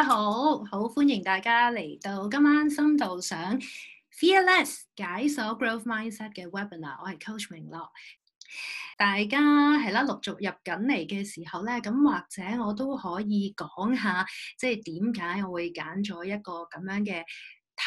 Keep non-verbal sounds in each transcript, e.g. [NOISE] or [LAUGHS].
大家好，好歡迎大家嚟到今晚深度想 Fearless 解鎖 Growth Mindset 嘅 Webinar，我係 Coach 明樂。大家係啦陸續入緊嚟嘅時候咧，咁或者我都可以講下，即係點解我會揀咗一個咁樣嘅。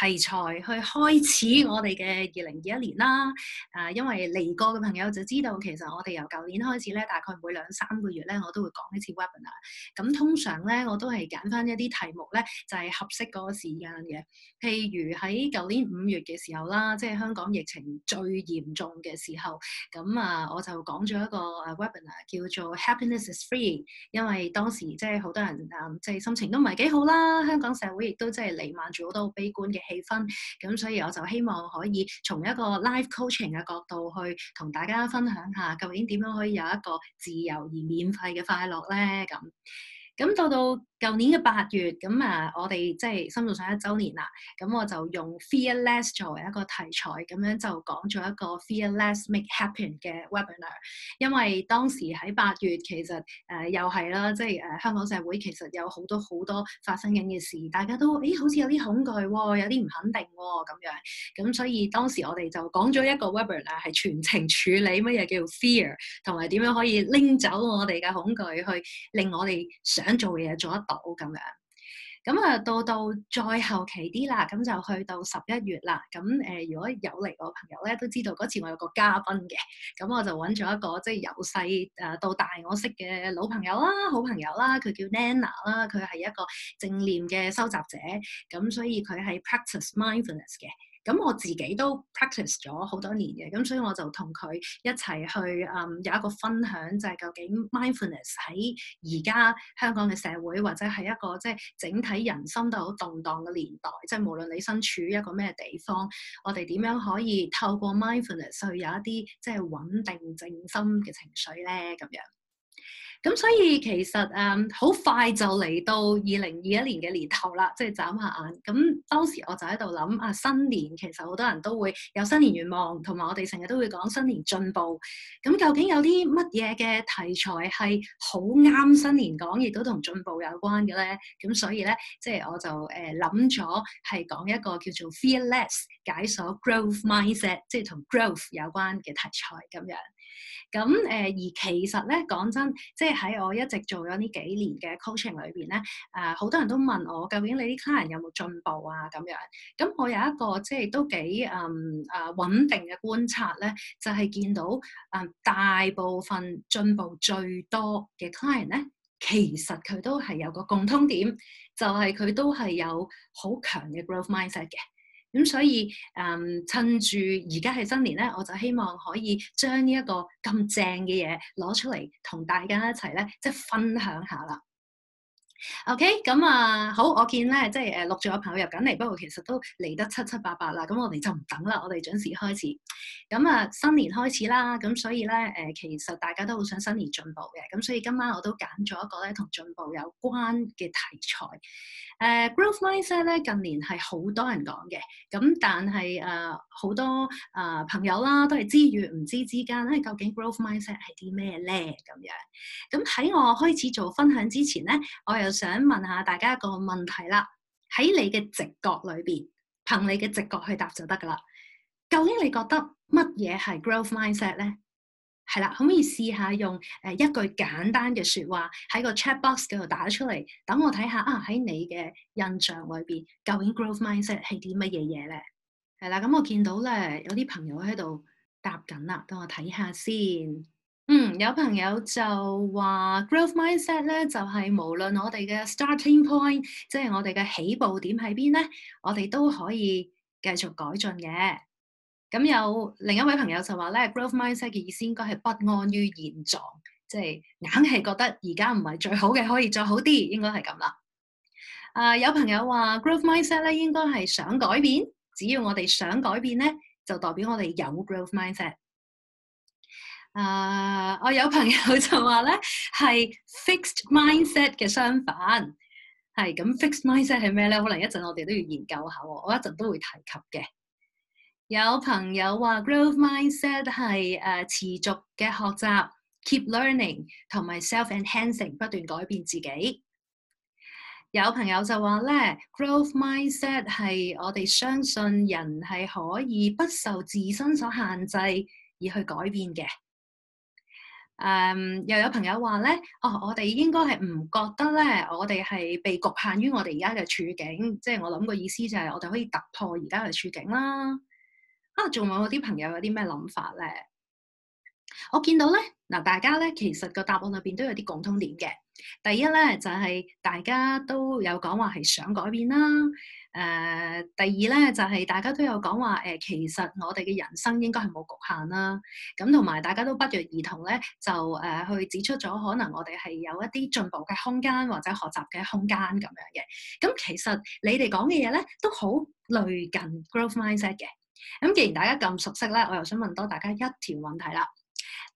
題材去開始我哋嘅二零二一年啦，啊，因為嚟過嘅朋友就知道，其實我哋由舊年開始咧，大概每兩三個月咧，我都會講一次 webinar。咁、嗯、通常咧，我都係揀翻一啲題目咧，就係、是、合適嗰個時間嘅。譬如喺舊年五月嘅時候啦，即係香港疫情最嚴重嘅時候，咁啊，我就講咗一個啊 webinar 叫做 Happiness is Free，因為當時即係好多人啊、嗯，即係心情都唔係幾好啦，香港社會亦都即係瀰漫住好多悲觀嘅氣氛，咁所以我就希望可以從一個 live coaching 嘅角度去同大家分享下，究竟點樣可以有一個自由而免費嘅快樂咧？咁，咁到到。舊年嘅八月，咁啊，我哋即係深度上一週年啦。咁我就用 Fearless 作為一個題材，咁樣就講咗一個 Fearless Make Happen 嘅 Webinar。因為當時喺八月，其實誒、呃、又係啦，即係誒、呃、香港社會其實有好多好多發生緊嘅事，大家都誒好似有啲恐懼喎、哦，有啲唔肯定喎、哦、咁樣。咁所以當時我哋就講咗一個 Webinar，係全程處理乜嘢叫做 Fear，同埋點樣可以拎走我哋嘅恐懼，去令我哋想做嘅嘢做得。咁樣，咁啊到到再後期啲啦，咁就去到十一月啦。咁誒，如果有嚟我朋友咧都知道，嗰次我有個嘉賓嘅，咁我就揾咗一個即係由細誒到大我識嘅老朋友啦，好朋友啦，佢叫 Nana 啦，佢係一個正念嘅收集者，咁所以佢係 practice mindfulness 嘅。咁我自己都 practice 咗好多年嘅，咁所以我就同佢一齊去，嗯有一個分享，就係究竟 mindfulness 喺而家香港嘅社會或者係一個即係整體人心都好動蕩嘅年代，即係無論你身處一個咩地方，我哋點樣可以透過 mindfulness 去有一啲即係穩定靜心嘅情緒咧？咁樣。咁所以其實誒好快就嚟到二零二一年嘅年頭啦，即係眨下眼。咁當時我就喺度諗啊，新年其實好多人都會有新年願望，同埋我哋成日都會講新年進步。咁究竟有啲乜嘢嘅題材係好啱新年講，亦都同進步有關嘅咧？咁所以咧，即係我就誒諗咗係講一個叫做 Fearless 解鎖 Growth Mindset，即係同 Growth 有關嘅題材咁樣。咁誒，而其實咧，講真，即係喺我一直做咗呢幾年嘅 coaching 裏邊咧，誒、呃、好多人都問我，究竟你啲 client 有冇進步啊？咁樣，咁、嗯、我有一個即係都幾嗯誒穩、啊、定嘅觀察咧，就係、是、見到誒、嗯、大部分進步最多嘅 client 咧，其實佢都係有個共通點，就係、是、佢都係有好強嘅 growth mindset 嘅。咁所以，嗯，趁住而家係新年咧，我就希望可以將呢一個咁正嘅嘢攞出嚟，同大家一齊咧，即係分享下啦。O.K. 咁、嗯、啊，好！我見咧，即係誒，陸續有朋友入緊嚟，不過其實都嚟得七七八八啦。咁我哋就唔等啦，我哋準時開始。咁、嗯、啊，新年開始啦，咁、嗯、所以咧，誒、呃，其實大家都好想新年進步嘅。咁所以今晚我都揀咗一個咧同進步有關嘅題材。誒、呃、Growth Mindset 咧近年係好多人講嘅，咁但係誒好多誒、呃、朋友啦都係知與唔知之間咧，究竟 Growth Mindset 係啲咩咧？咁樣。咁、嗯、喺我開始做分享之前咧，我又，想問下大家一個問題啦，喺你嘅直覺裏邊，憑你嘅直覺去答就得噶啦。究竟你覺得乜嘢係 Growth Mindset 咧？係啦，可唔可以試下用誒一句簡單嘅説話喺個 chat box 嗰度打出嚟，等我睇下啊，喺你嘅印象裏邊，究竟 Growth Mindset 係啲乜嘢嘢咧？係啦，咁我見到咧有啲朋友喺度答緊啦，等我睇下先。嗯，有朋友就話 Growth Mindset 咧，就係、是、無論我哋嘅 starting point，即係我哋嘅起步點喺邊咧，我哋都可以繼續改進嘅。咁有另一位朋友就話咧，Growth Mindset 嘅意思應該係不安於現狀，即係硬係覺得而家唔係最好嘅，可以再好啲，應該係咁啦。啊、呃，有朋友話 Growth Mindset 咧，應該係想改變，只要我哋想改變咧，就代表我哋有 Growth Mindset。啊！Uh, 我有朋友就話咧係 fixed mindset 嘅相反，係咁 fixed mindset 係咩咧？可能一陣我哋都要研究下，我一陣都會提及嘅。有朋友話 growth mindset 係誒持續嘅學習，keep learning 同埋 self enhancing 不斷改變自己。有朋友就話咧 growth mindset 係我哋相信人係可以不受自身所限制而去改變嘅。誒、um, 又有朋友話咧，哦，我哋應該係唔覺得咧，我哋係被局限於我哋而家嘅處境，即係我諗個意思就係我哋可以突破而家嘅處境啦。啊，仲有啲朋友有啲咩諗法咧？我見到咧嗱，大家咧其實個答案入邊都有啲共通點嘅。第一咧就係、是、大家都有講話係想改變啦。誒、呃，第二咧就係、是、大家都有講話誒，其實我哋嘅人生應該係冇局限啦。咁同埋大家都不約而同咧就誒、呃、去指出咗可能我哋係有一啲進步嘅空間或者學習嘅空間咁樣嘅。咁、啊、其實你哋講嘅嘢咧都好類近 Growth Mindset 嘅。咁、啊、既然大家咁熟悉咧，我又想問多大家一條問題啦。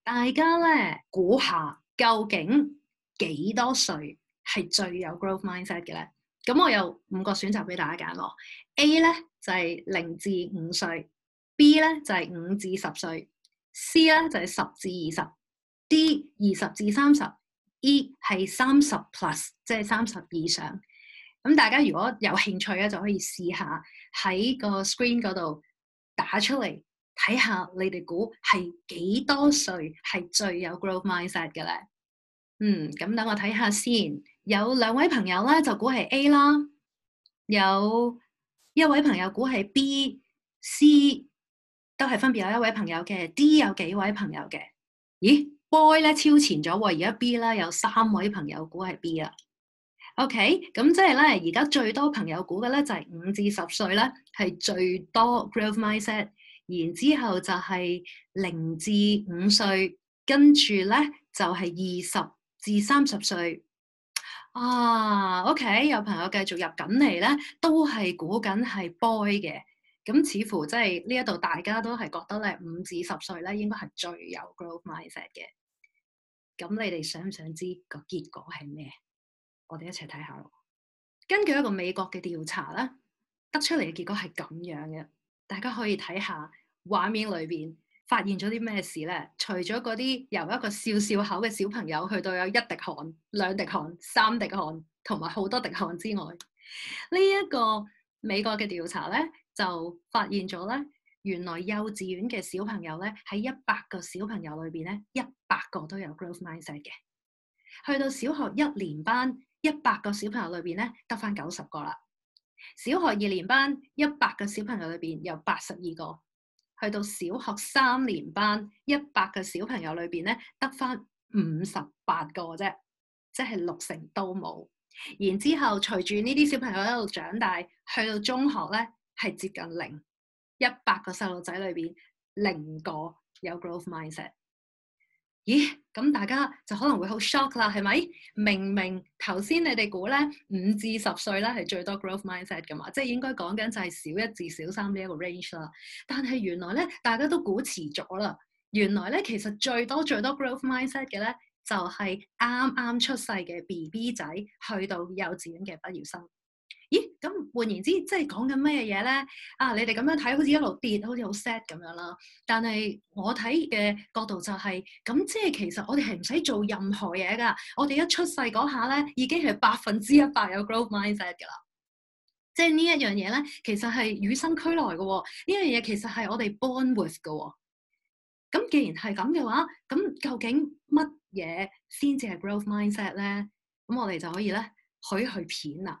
大家咧估下，究竟幾多歲係最有 growth mindset 嘅咧？咁我有五個選擇俾大家揀咯。A 咧就係零至五歲，B 咧就係五至十歲，C 咧就係十至二十，D 二十至三十，E 係三十 plus，即係三十以上。咁大家如果有興趣咧，就可以試下喺個 screen 嗰度打出嚟。睇下你哋估係幾多歲係最有 growth mindset 嘅咧？嗯，咁等我睇下先。有兩位朋友咧就估係 A 啦，有一位朋友估係 B、C，都係分別有一位朋友嘅。D 有幾位朋友嘅？咦，boy 咧超前咗，而家 B 咧有三位朋友估係 B 啦。OK，咁即係咧而家最多朋友估嘅咧就係五至十歲咧，係最多 growth mindset。然之後就係零至五歲，跟住咧就係二十至三十歲。啊，OK，有朋友繼續入緊嚟咧，都係估緊係 boy 嘅。咁似乎即係呢一度大家都係覺得咧，五至十歲咧應該係最有 growth mindset 嘅。咁你哋想唔想知個結果係咩？我哋一齊睇下囉。根據一個美國嘅調查咧，得出嚟嘅結果係咁樣嘅。大家可以睇下畫面裏邊發現咗啲咩事咧？除咗嗰啲由一個笑笑口嘅小朋友去到有一滴汗、兩滴汗、三滴汗，同埋好多滴汗之外，呢、這、一個美國嘅調查咧，就發現咗咧，原來幼稚園嘅小朋友咧，喺一百個小朋友裏邊咧，一百個都有 Growth Mindset 嘅，去到小學一年班，一百個小朋友裏邊咧，得返九十個啦。小學二年班一百個小朋友裏邊有八十二個，去到小學三年班一百個小朋友裏邊咧得翻五十八個啫，即係六成都冇。然之後隨住呢啲小朋友一路長大，去到中學咧係接近零，一百個細路仔裏邊零個有 Growth Mindset。咦，咁大家就可能會好 shock 啦，係咪？明明頭先你哋估咧五至十歲咧係最多 growth mindset 嘅嘛，即係應該講緊就係小一至小三呢一個 range 啦。但係原來咧大家都估遲咗啦。原來咧其實最多最多 growth mindset 嘅咧，就係啱啱出世嘅 BB 仔去到幼稚園嘅畢業生。咁換言之，即係講緊咩嘢嘢咧？啊，你哋咁樣睇好似一路跌，好似好 sad 咁樣啦。但係我睇嘅角度就係，咁即係其實我哋係唔使做任何嘢噶。我哋一出世嗰下咧，已經係百分之一百有 growth mindset 噶啦。即係呢一樣嘢咧，其實係與生俱來嘅。呢樣嘢其實係我哋 born with 嘅。咁既然係咁嘅話，咁究竟乜嘢先至係 growth mindset 咧？咁我哋就可以咧，許去片啦！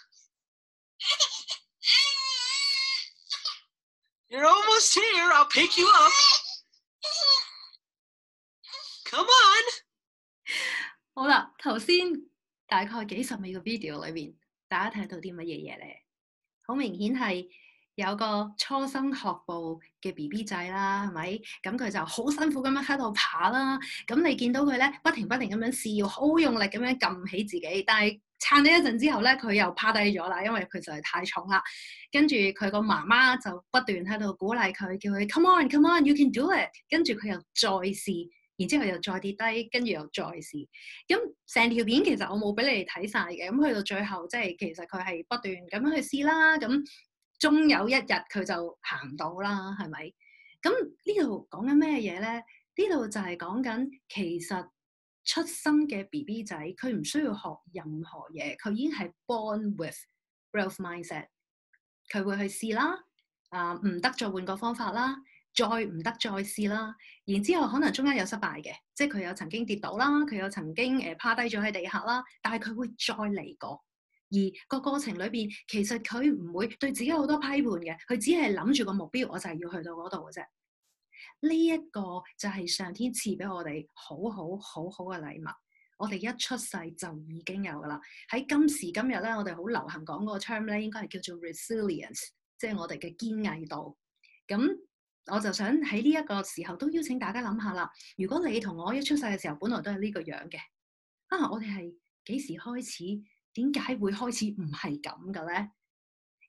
You're almost here. I'll pick you up. Come on. 好。好啦，頭先大概幾十秒嘅 video 裏邊，大家睇到啲乜嘢嘢咧？好明顯係有個初生學步嘅 BB 仔啦，係咪？咁佢就好辛苦咁樣喺度爬啦。咁你見到佢咧，不停不停咁樣試，要好用力咁樣撳起自己，但係。撐咗一陣之後咧，佢又趴低咗啦，因為佢實在太重啦。跟住佢個媽媽就不斷喺度鼓勵佢，叫佢 Come on, come on, you can do it。跟住佢又再試，然之後又再跌低，跟住又再試。咁成條片其實我冇俾你哋睇晒嘅。咁去到最後，即係其實佢係不斷咁樣去試啦。咁終有一日佢就行到啦，係咪？咁呢度講緊咩嘢咧？呢度就係講緊其實。出生嘅 B B 仔，佢唔需要學任何嘢，佢已經係 born with growth mindset。佢會去試啦，啊、呃，唔得再換個方法啦，再唔得再試啦。然之後可能中間有失敗嘅，即係佢有曾經跌倒啦，佢有曾經誒、呃、趴低咗喺地下啦，但係佢會再嚟過。而個過程裏邊，其實佢唔會對自己好多批判嘅，佢只係諗住個目標，我就係要去到嗰度嘅啫。呢一個就係上天賜俾我哋好好好好嘅禮物，我哋一出世就已經有噶啦。喺今時今日咧，我哋好流行講嗰個 term 咧，應該係叫做 resilience，即係我哋嘅堅毅度。咁我就想喺呢一個時候都邀請大家諗下啦。如果你同我一出世嘅時候本來都係呢個樣嘅啊，我哋係幾時開始？點解會開始唔係咁嘅咧？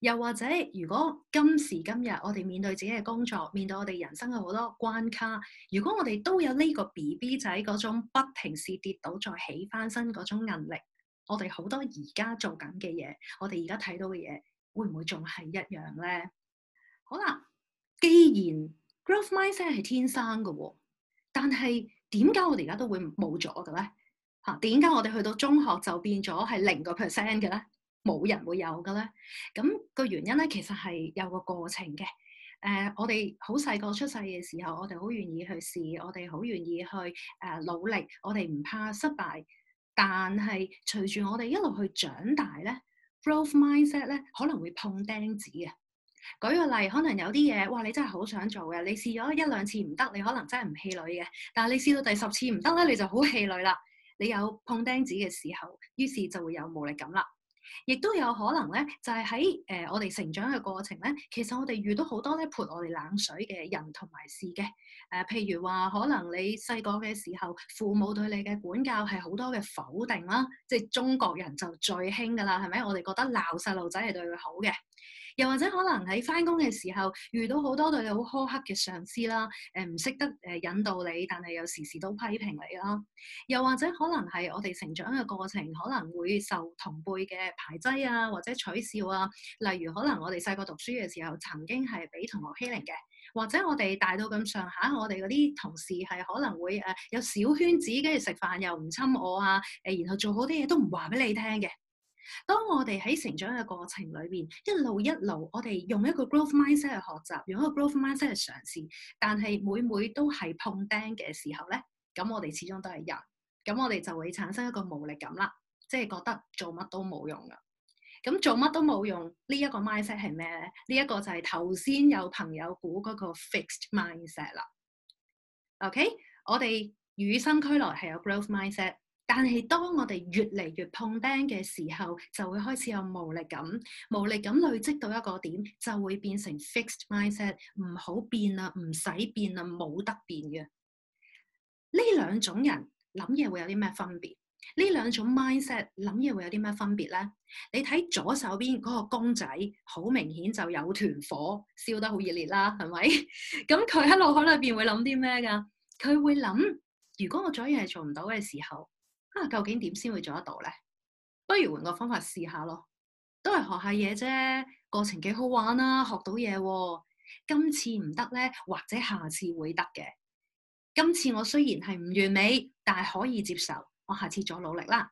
又或者，如果今時今日我哋面對自己嘅工作，面對我哋人生嘅好多關卡，如果我哋都有呢個 BB 仔嗰種不停是跌倒再起翻身嗰種韌力，我哋好多而家做緊嘅嘢，我哋而家睇到嘅嘢，會唔會仲係一樣咧？好啦，既然 growth mindset 係天生嘅喎，但係點解我哋而家都會冇咗嘅咧？嚇，點解我哋去到中學就變咗係零個 percent 嘅咧？冇人會有㗎啦。咁、那個原因咧，其實係有個過程嘅。誒、呃，我哋好細個出世嘅時候，我哋好願意去試，我哋好願意去誒、呃、努力，我哋唔怕失敗。但係隨住我哋一路去長大咧，growth mindset 咧可能會碰釘子嘅。舉個例，可能有啲嘢，哇！你真係好想做嘅，你試咗一兩次唔得，你可能真係唔氣餒嘅。但係你試到第十次唔得咧，你就好氣餒啦。你有碰釘子嘅時候，於是就會有無力感啦。亦都有可能咧，就係喺誒我哋成長嘅過程咧，其實我哋遇到好多咧潑我哋冷水嘅人同埋事嘅。誒，譬如話，可能你細個嘅時候，父母對你嘅管教係好多嘅否定啦。即係中國人就最興㗎啦，係咪？我哋覺得鬧細路仔係對佢好嘅。又或者可能喺返工嘅時候遇到好多對你好苛刻嘅上司啦，誒唔識得誒引導你，但係又時時都批評你啦。又或者可能係我哋成長嘅過程可能會受同輩嘅排擠啊，或者取笑啊。例如可能我哋細個讀書嘅時候曾經係俾同學欺凌嘅，或者我哋大到咁上下，我哋嗰啲同事係可能會誒有小圈子跟住食飯又唔侵我啊，誒然後做好啲嘢都唔話俾你聽嘅。當我哋喺成長嘅過程裏邊，一路一路，我哋用一個 growth mindset 去學習，用一個 growth mindset 去嘗試、試，但係每每都係碰釘嘅時候咧，咁我哋始終都係人，咁我哋就會產生一個無力感啦，即係覺得做乜都冇用噶。咁做乜都冇用，這個，呢一個 mindset 係咩咧？呢、這、一個就係頭先有朋友估嗰個 fixed mindset 啦。OK，我哋與生俱來係有 growth mindset。但係，當我哋越嚟越碰釘嘅時候，就會開始有無力感，無力感累積到一個點，就會變成 fixed mindset，唔好變啦，唔使變啦，冇得變嘅。呢兩種人諗嘢會有啲咩分別？呢兩種 mindset 諗嘢會有啲咩分別咧？你睇左手邊嗰個公仔，好明顯就有團火燒得好熱烈啦，係咪？咁佢喺腦海裏邊會諗啲咩㗎？佢會諗，如果我做嘢係做唔到嘅時候。啊，究竟點先會做得到咧？不如換個方法試下咯，都係學下嘢啫，過程幾好玩啦、啊，學到嘢、啊。今次唔得咧，或者下次會得嘅。今次我雖然係唔完美，但係可以接受，我下次再努力啦。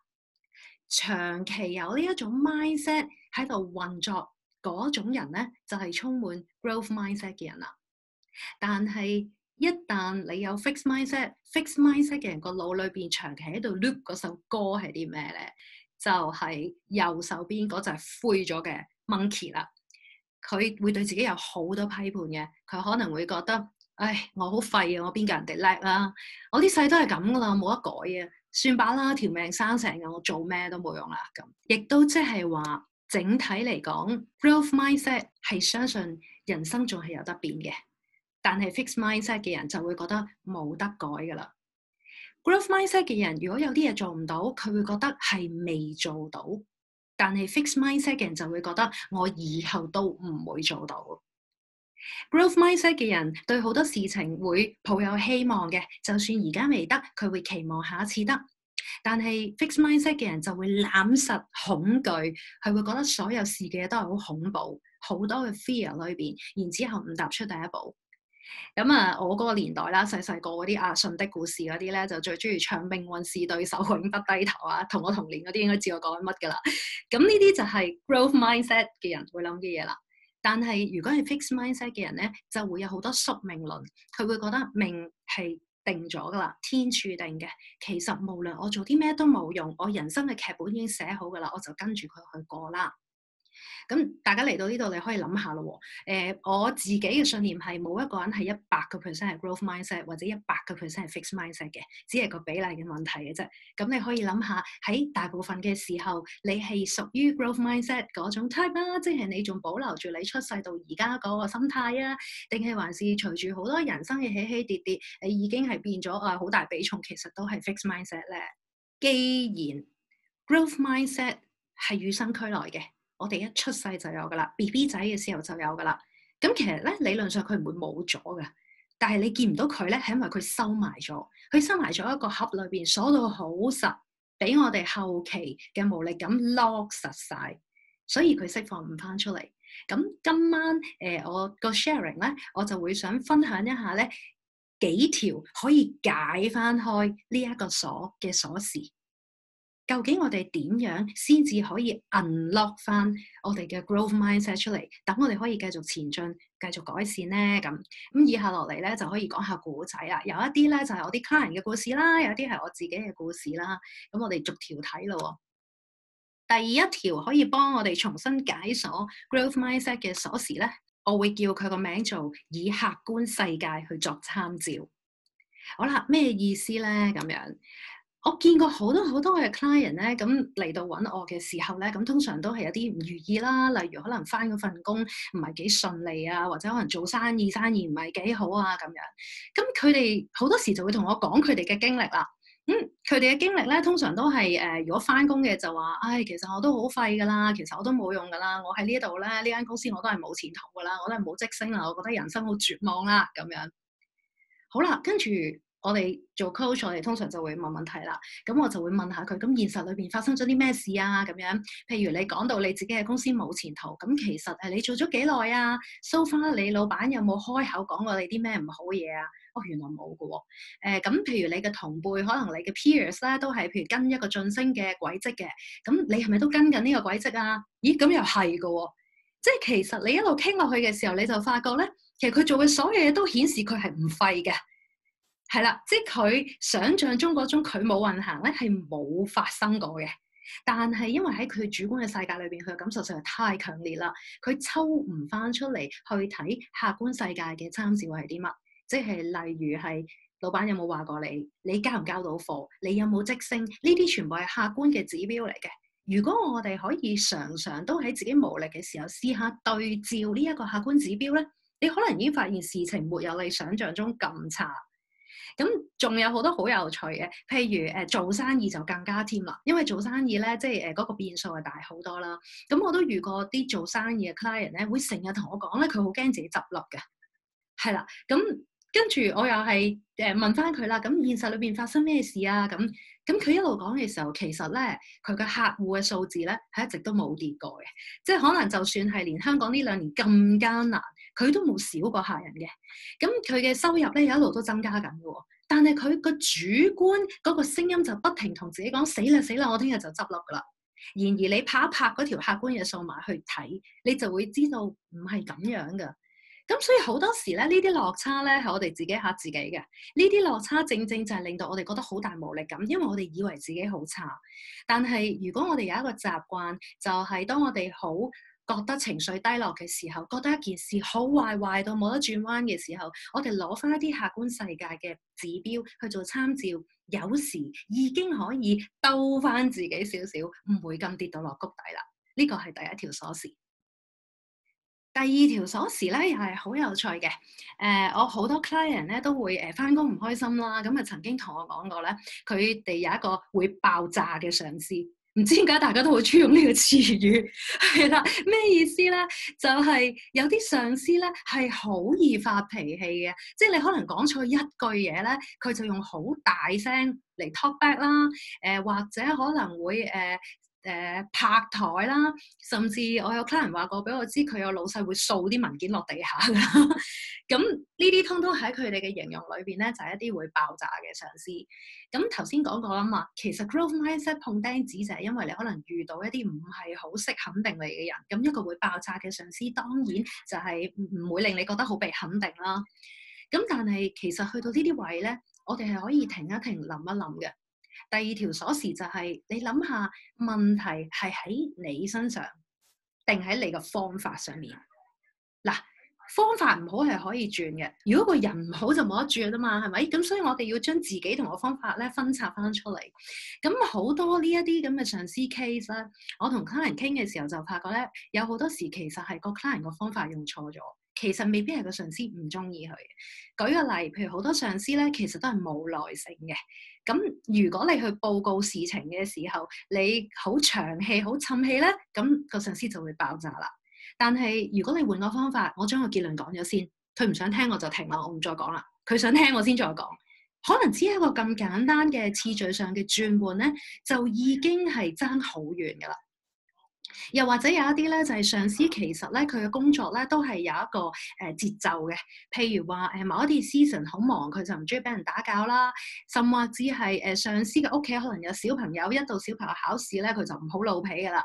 長期有呢一種 mindset 喺度運作，嗰種人咧就係、是、充滿 Growth Mindset 嘅人啦。但係，一旦你有 fix m y s e t fix m y s e t 嘅人，個腦裏邊長期喺度 loop 嗰首歌係啲咩咧？就係、是、右手邊嗰就灰咗嘅 monkey 啦。佢會對自己有好多批判嘅，佢可能會覺得，唉，我好廢我啊！我邊個人哋叻啊？我啲世都係咁噶啦，冇得改啊！算把啦，條命生成嘅，我做咩都冇用啦。咁亦都即係話，整體嚟講，growth mindset 係相信人生仲係有得變嘅。但係 fix mindset 嘅人就會覺得冇得改㗎喇。Growth mindset 嘅人如果有啲嘢做唔到，佢會覺得係未做到。但係 fix mindset 嘅人就會覺得我以後都唔會做到。Growth mindset 嘅人對好多事情會抱有希望嘅，就算而家未得，佢會期望下一次得。但係 fix mindset 嘅人就會攬實恐懼，佢會覺得所有事嘅嘢都係好恐怖，好多嘅 fear 裏邊，然之後唔踏出第一步。咁啊，那我嗰個年代啦，細細個嗰啲阿信的故事嗰啲咧，就最中意唱《命運是對手，永不低頭》啊，同我同年嗰啲應該知我講緊乜噶啦。咁呢啲就係 growth mindset 嘅人會諗嘅嘢啦。但係如果係 fix mindset 嘅人咧，就會有好多宿命論，佢會覺得命係定咗噶啦，天注定嘅。其實無論我做啲咩都冇用，我人生嘅劇本已經寫好噶啦，我就跟住佢去過啦。咁大家嚟到呢度，你可以諗下咯喎。誒，我自己嘅信念係冇一個人係一百個 percent 係 growth mindset 或者一百個 percent 係 fix mindset 嘅，只係個比例嘅問題嘅啫。咁你可以諗下，喺大部分嘅時候，你係屬於 growth mindset 嗰種 type 啦，即係你仲保留住你出世到而家嗰個心態啊，定係還是隨住好多人生嘅起起跌跌，誒已經係變咗啊好大比重，其實都係 fix mindset 咧。既然 growth mindset 係與生俱來嘅。我哋一出世就有噶啦，BB 仔嘅時候就有噶啦。咁其實咧，理論上佢唔會冇咗噶。但係你見唔到佢咧，係因為佢收埋咗，佢收埋咗一個盒裏邊鎖到好實，俾我哋後期嘅無力感 lock 實晒，所以佢釋放唔翻出嚟。咁今晚誒、呃、我個 sharing 咧，我就會想分享一下咧幾條可以解翻開呢一個鎖嘅鎖匙。究竟我哋點樣先至可以 unlock 翻我哋嘅 growth mindset 出嚟，等我哋可以繼續前進、繼續改善咧？咁咁以下落嚟咧就可以講下故仔啦。有一啲咧就係、是、我啲 client 嘅故事啦，有啲係我自己嘅故事啦。咁我哋逐條睇咯。第一條可以幫我哋重新解鎖 growth mindset 嘅鎖匙咧，我會叫佢個名做以客觀世界去作參照。好啦，咩意思咧？咁樣？我見過好多好多嘅 client 咧，咁嚟到揾我嘅時候咧，咁通常都係有啲唔如意啦。例如可能翻嗰份工唔係幾順利啊，或者可能做生意生意唔係幾好啊咁樣。咁佢哋好多時就會同我講佢哋嘅經歷啦。嗯，佢哋嘅經歷咧，通常都係誒、呃，如果翻工嘅就話，唉、哎，其實我都好廢㗎啦，其實我都冇用㗎啦，我喺呢度咧，呢間公司我都係冇前途㗎啦，我都係冇職升啦，我覺得人生好絕望啦咁樣。好啦，跟住。我哋做 coach，我哋通常就會問問題啦。咁我就會問下佢：咁現實裏邊發生咗啲咩事啊？咁樣，譬如你講到你自己嘅公司冇前途，咁其實係你做咗幾耐啊？So far，你老闆有冇開口講過你啲咩唔好嘢啊？哦，原來冇㗎喎。誒、呃，咁譬如你嘅同輩，可能你嘅 peers 咧，都係譬如跟一個晉升嘅軌跡嘅。咁你係咪都跟緊呢個軌跡啊？咦，咁又係㗎喎。即係其實你一路傾落去嘅時候，你就發覺咧，其實佢做嘅所有嘢都顯示佢係唔廢嘅。係啦，即係佢想象中嗰種佢冇運行咧，係冇發生過嘅。但係因為喺佢主觀嘅世界裏邊，佢嘅感受實在太強烈啦，佢抽唔翻出嚟去睇客觀世界嘅參照係啲乜，即係例如係老闆有冇話過你，你交唔交到貨，你有冇晉升，呢啲全部係客觀嘅指標嚟嘅。如果我哋可以常常都喺自己無力嘅時候，試下對照呢一個客觀指標咧，你可能已經發現事情沒有你想象中咁差。咁仲有好多好有趣嘅，譬如誒做生意就更加添啦，因為做生意咧，即係誒嗰個變數係大好多啦。咁我都遇過啲做生意嘅 client 咧，會成日同我講咧，佢好驚自己執笠嘅，係啦。咁跟住我又係誒、呃、問翻佢啦，咁現實裏邊發生咩事啊？咁咁佢一路講嘅時候，其實咧佢嘅客戶嘅數字咧係一直都冇跌過嘅，即係可能就算係連香港呢兩年咁艱難。佢都冇少過客人嘅，咁佢嘅收入咧一路都增加緊嘅喎。但係佢個主觀嗰個聲音就不停同自己講 [NOISE] 死啦死啦，我聽日就執笠噶啦。然而你拍一拍嗰條客觀嘅數碼去睇，你就會知道唔係咁樣噶。咁所以好多時咧，呢啲落差咧係我哋自己吓自己嘅。呢啲落差正正就係令到我哋覺得好大無力感，因為我哋以為自己好差。但係如果我哋有一個習慣，就係、是、當我哋好覺得情緒低落嘅時候，覺得一件事好壞壞到冇得轉彎嘅時候，我哋攞翻一啲客觀世界嘅指標去做參照，有時已經可以兜翻自己少少，唔會咁跌到落谷底啦。呢個係第一條鎖匙。第二條鎖匙咧又係好有趣嘅。誒、呃，我好多 client 咧都會誒翻工唔開心啦，咁啊曾經同我講過咧，佢哋有一個會爆炸嘅上司。唔知點解大家都會專用呢個詞語，係 [LAUGHS] 啦，咩意思咧？就係、是、有啲上司咧係好易發脾氣嘅，即係你可能講錯一句嘢咧，佢就用好大聲嚟 talk back 啦、呃，誒或者可能會誒。呃誒拍台啦，甚至我有客人話過俾我知，佢有老細會掃啲文件落地下啦。咁呢啲通通喺佢哋嘅形容裏邊咧，就係一啲會爆炸嘅上司。咁頭先講過啦嘛，其實 Growth Mindset 碰釘子就係因為你可能遇到一啲唔係好識肯定你嘅人。咁一個會爆炸嘅上司，當然就係唔會令你覺得好被肯定啦。咁但係其實去到呢啲位咧，我哋係可以停一停，諗一諗嘅。第二條鎖匙就係你諗下問題係喺你身上定喺你嘅方法上面。嗱，方法唔好係可以轉嘅，如果個人唔好就冇得轉啊嘛，係咪？咁所以我哋要將自己同個方法咧分拆翻出嚟。咁好多呢一啲咁嘅上司 case 咧，我同 client 傾嘅時候就發覺咧，有好多時其實係個 client 個方法用錯咗。其實未必係個上司唔中意佢。舉個例，譬如好多上司咧，其實都係冇耐性嘅。咁如果你去報告事情嘅時候，你好長氣、好沉氣咧，咁個上司就會爆炸啦。但係如果你換個方法，我將個結論講咗先，佢唔想聽我就停啦，我唔再講啦。佢想聽我先再講。可能只係一個咁簡單嘅次序上嘅轉換咧，就已經係爭好遠噶啦。又或者有一啲咧，就係上司其實咧，佢嘅工作咧都係有一個誒節奏嘅。譬如話誒，某啲 season 好忙，佢就唔鍾意俾人打攪啦。甚至係誒上司嘅屋企可能有小朋友，一到小朋友考試咧，佢就唔好老脾㗎啦。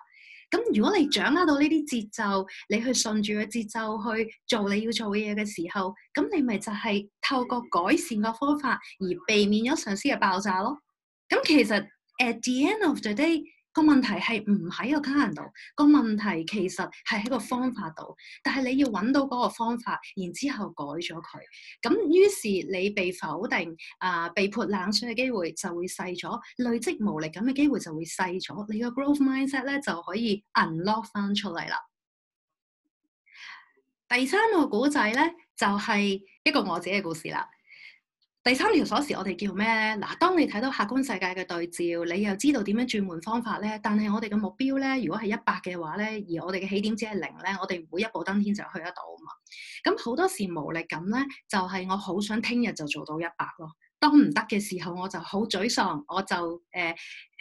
咁如果你掌握到呢啲節奏，你去順住個節奏去做你要做嘅嘢嘅時候，咁你咪就係透過改善個方法而避免咗上司嘅爆炸咯。咁其實 at the end of the day，個問題係唔喺個卡難度，個問題其實係喺個方法度。但係你要揾到嗰個方法，然之後改咗佢。咁於是你被否定啊、呃，被潑冷水嘅機會就會細咗，累積無力感嘅機會就會細咗。你個 Growth Mindset 咧就可以 unlock 翻出嚟啦。第三個古仔咧就係、是、一個我自己嘅故事啦。第三條鎖匙我哋叫咩咧？嗱，當你睇到客觀世界嘅對照，你又知道點樣轉換方法咧？但係我哋嘅目標咧，如果係一百嘅話咧，而我哋嘅起點只係零咧，我哋唔會一步登天就去得到啊嘛。咁、嗯、好多時無力感咧，就係、是、我好想聽日就做到一百咯。當唔得嘅時候，我就好沮喪，我就誒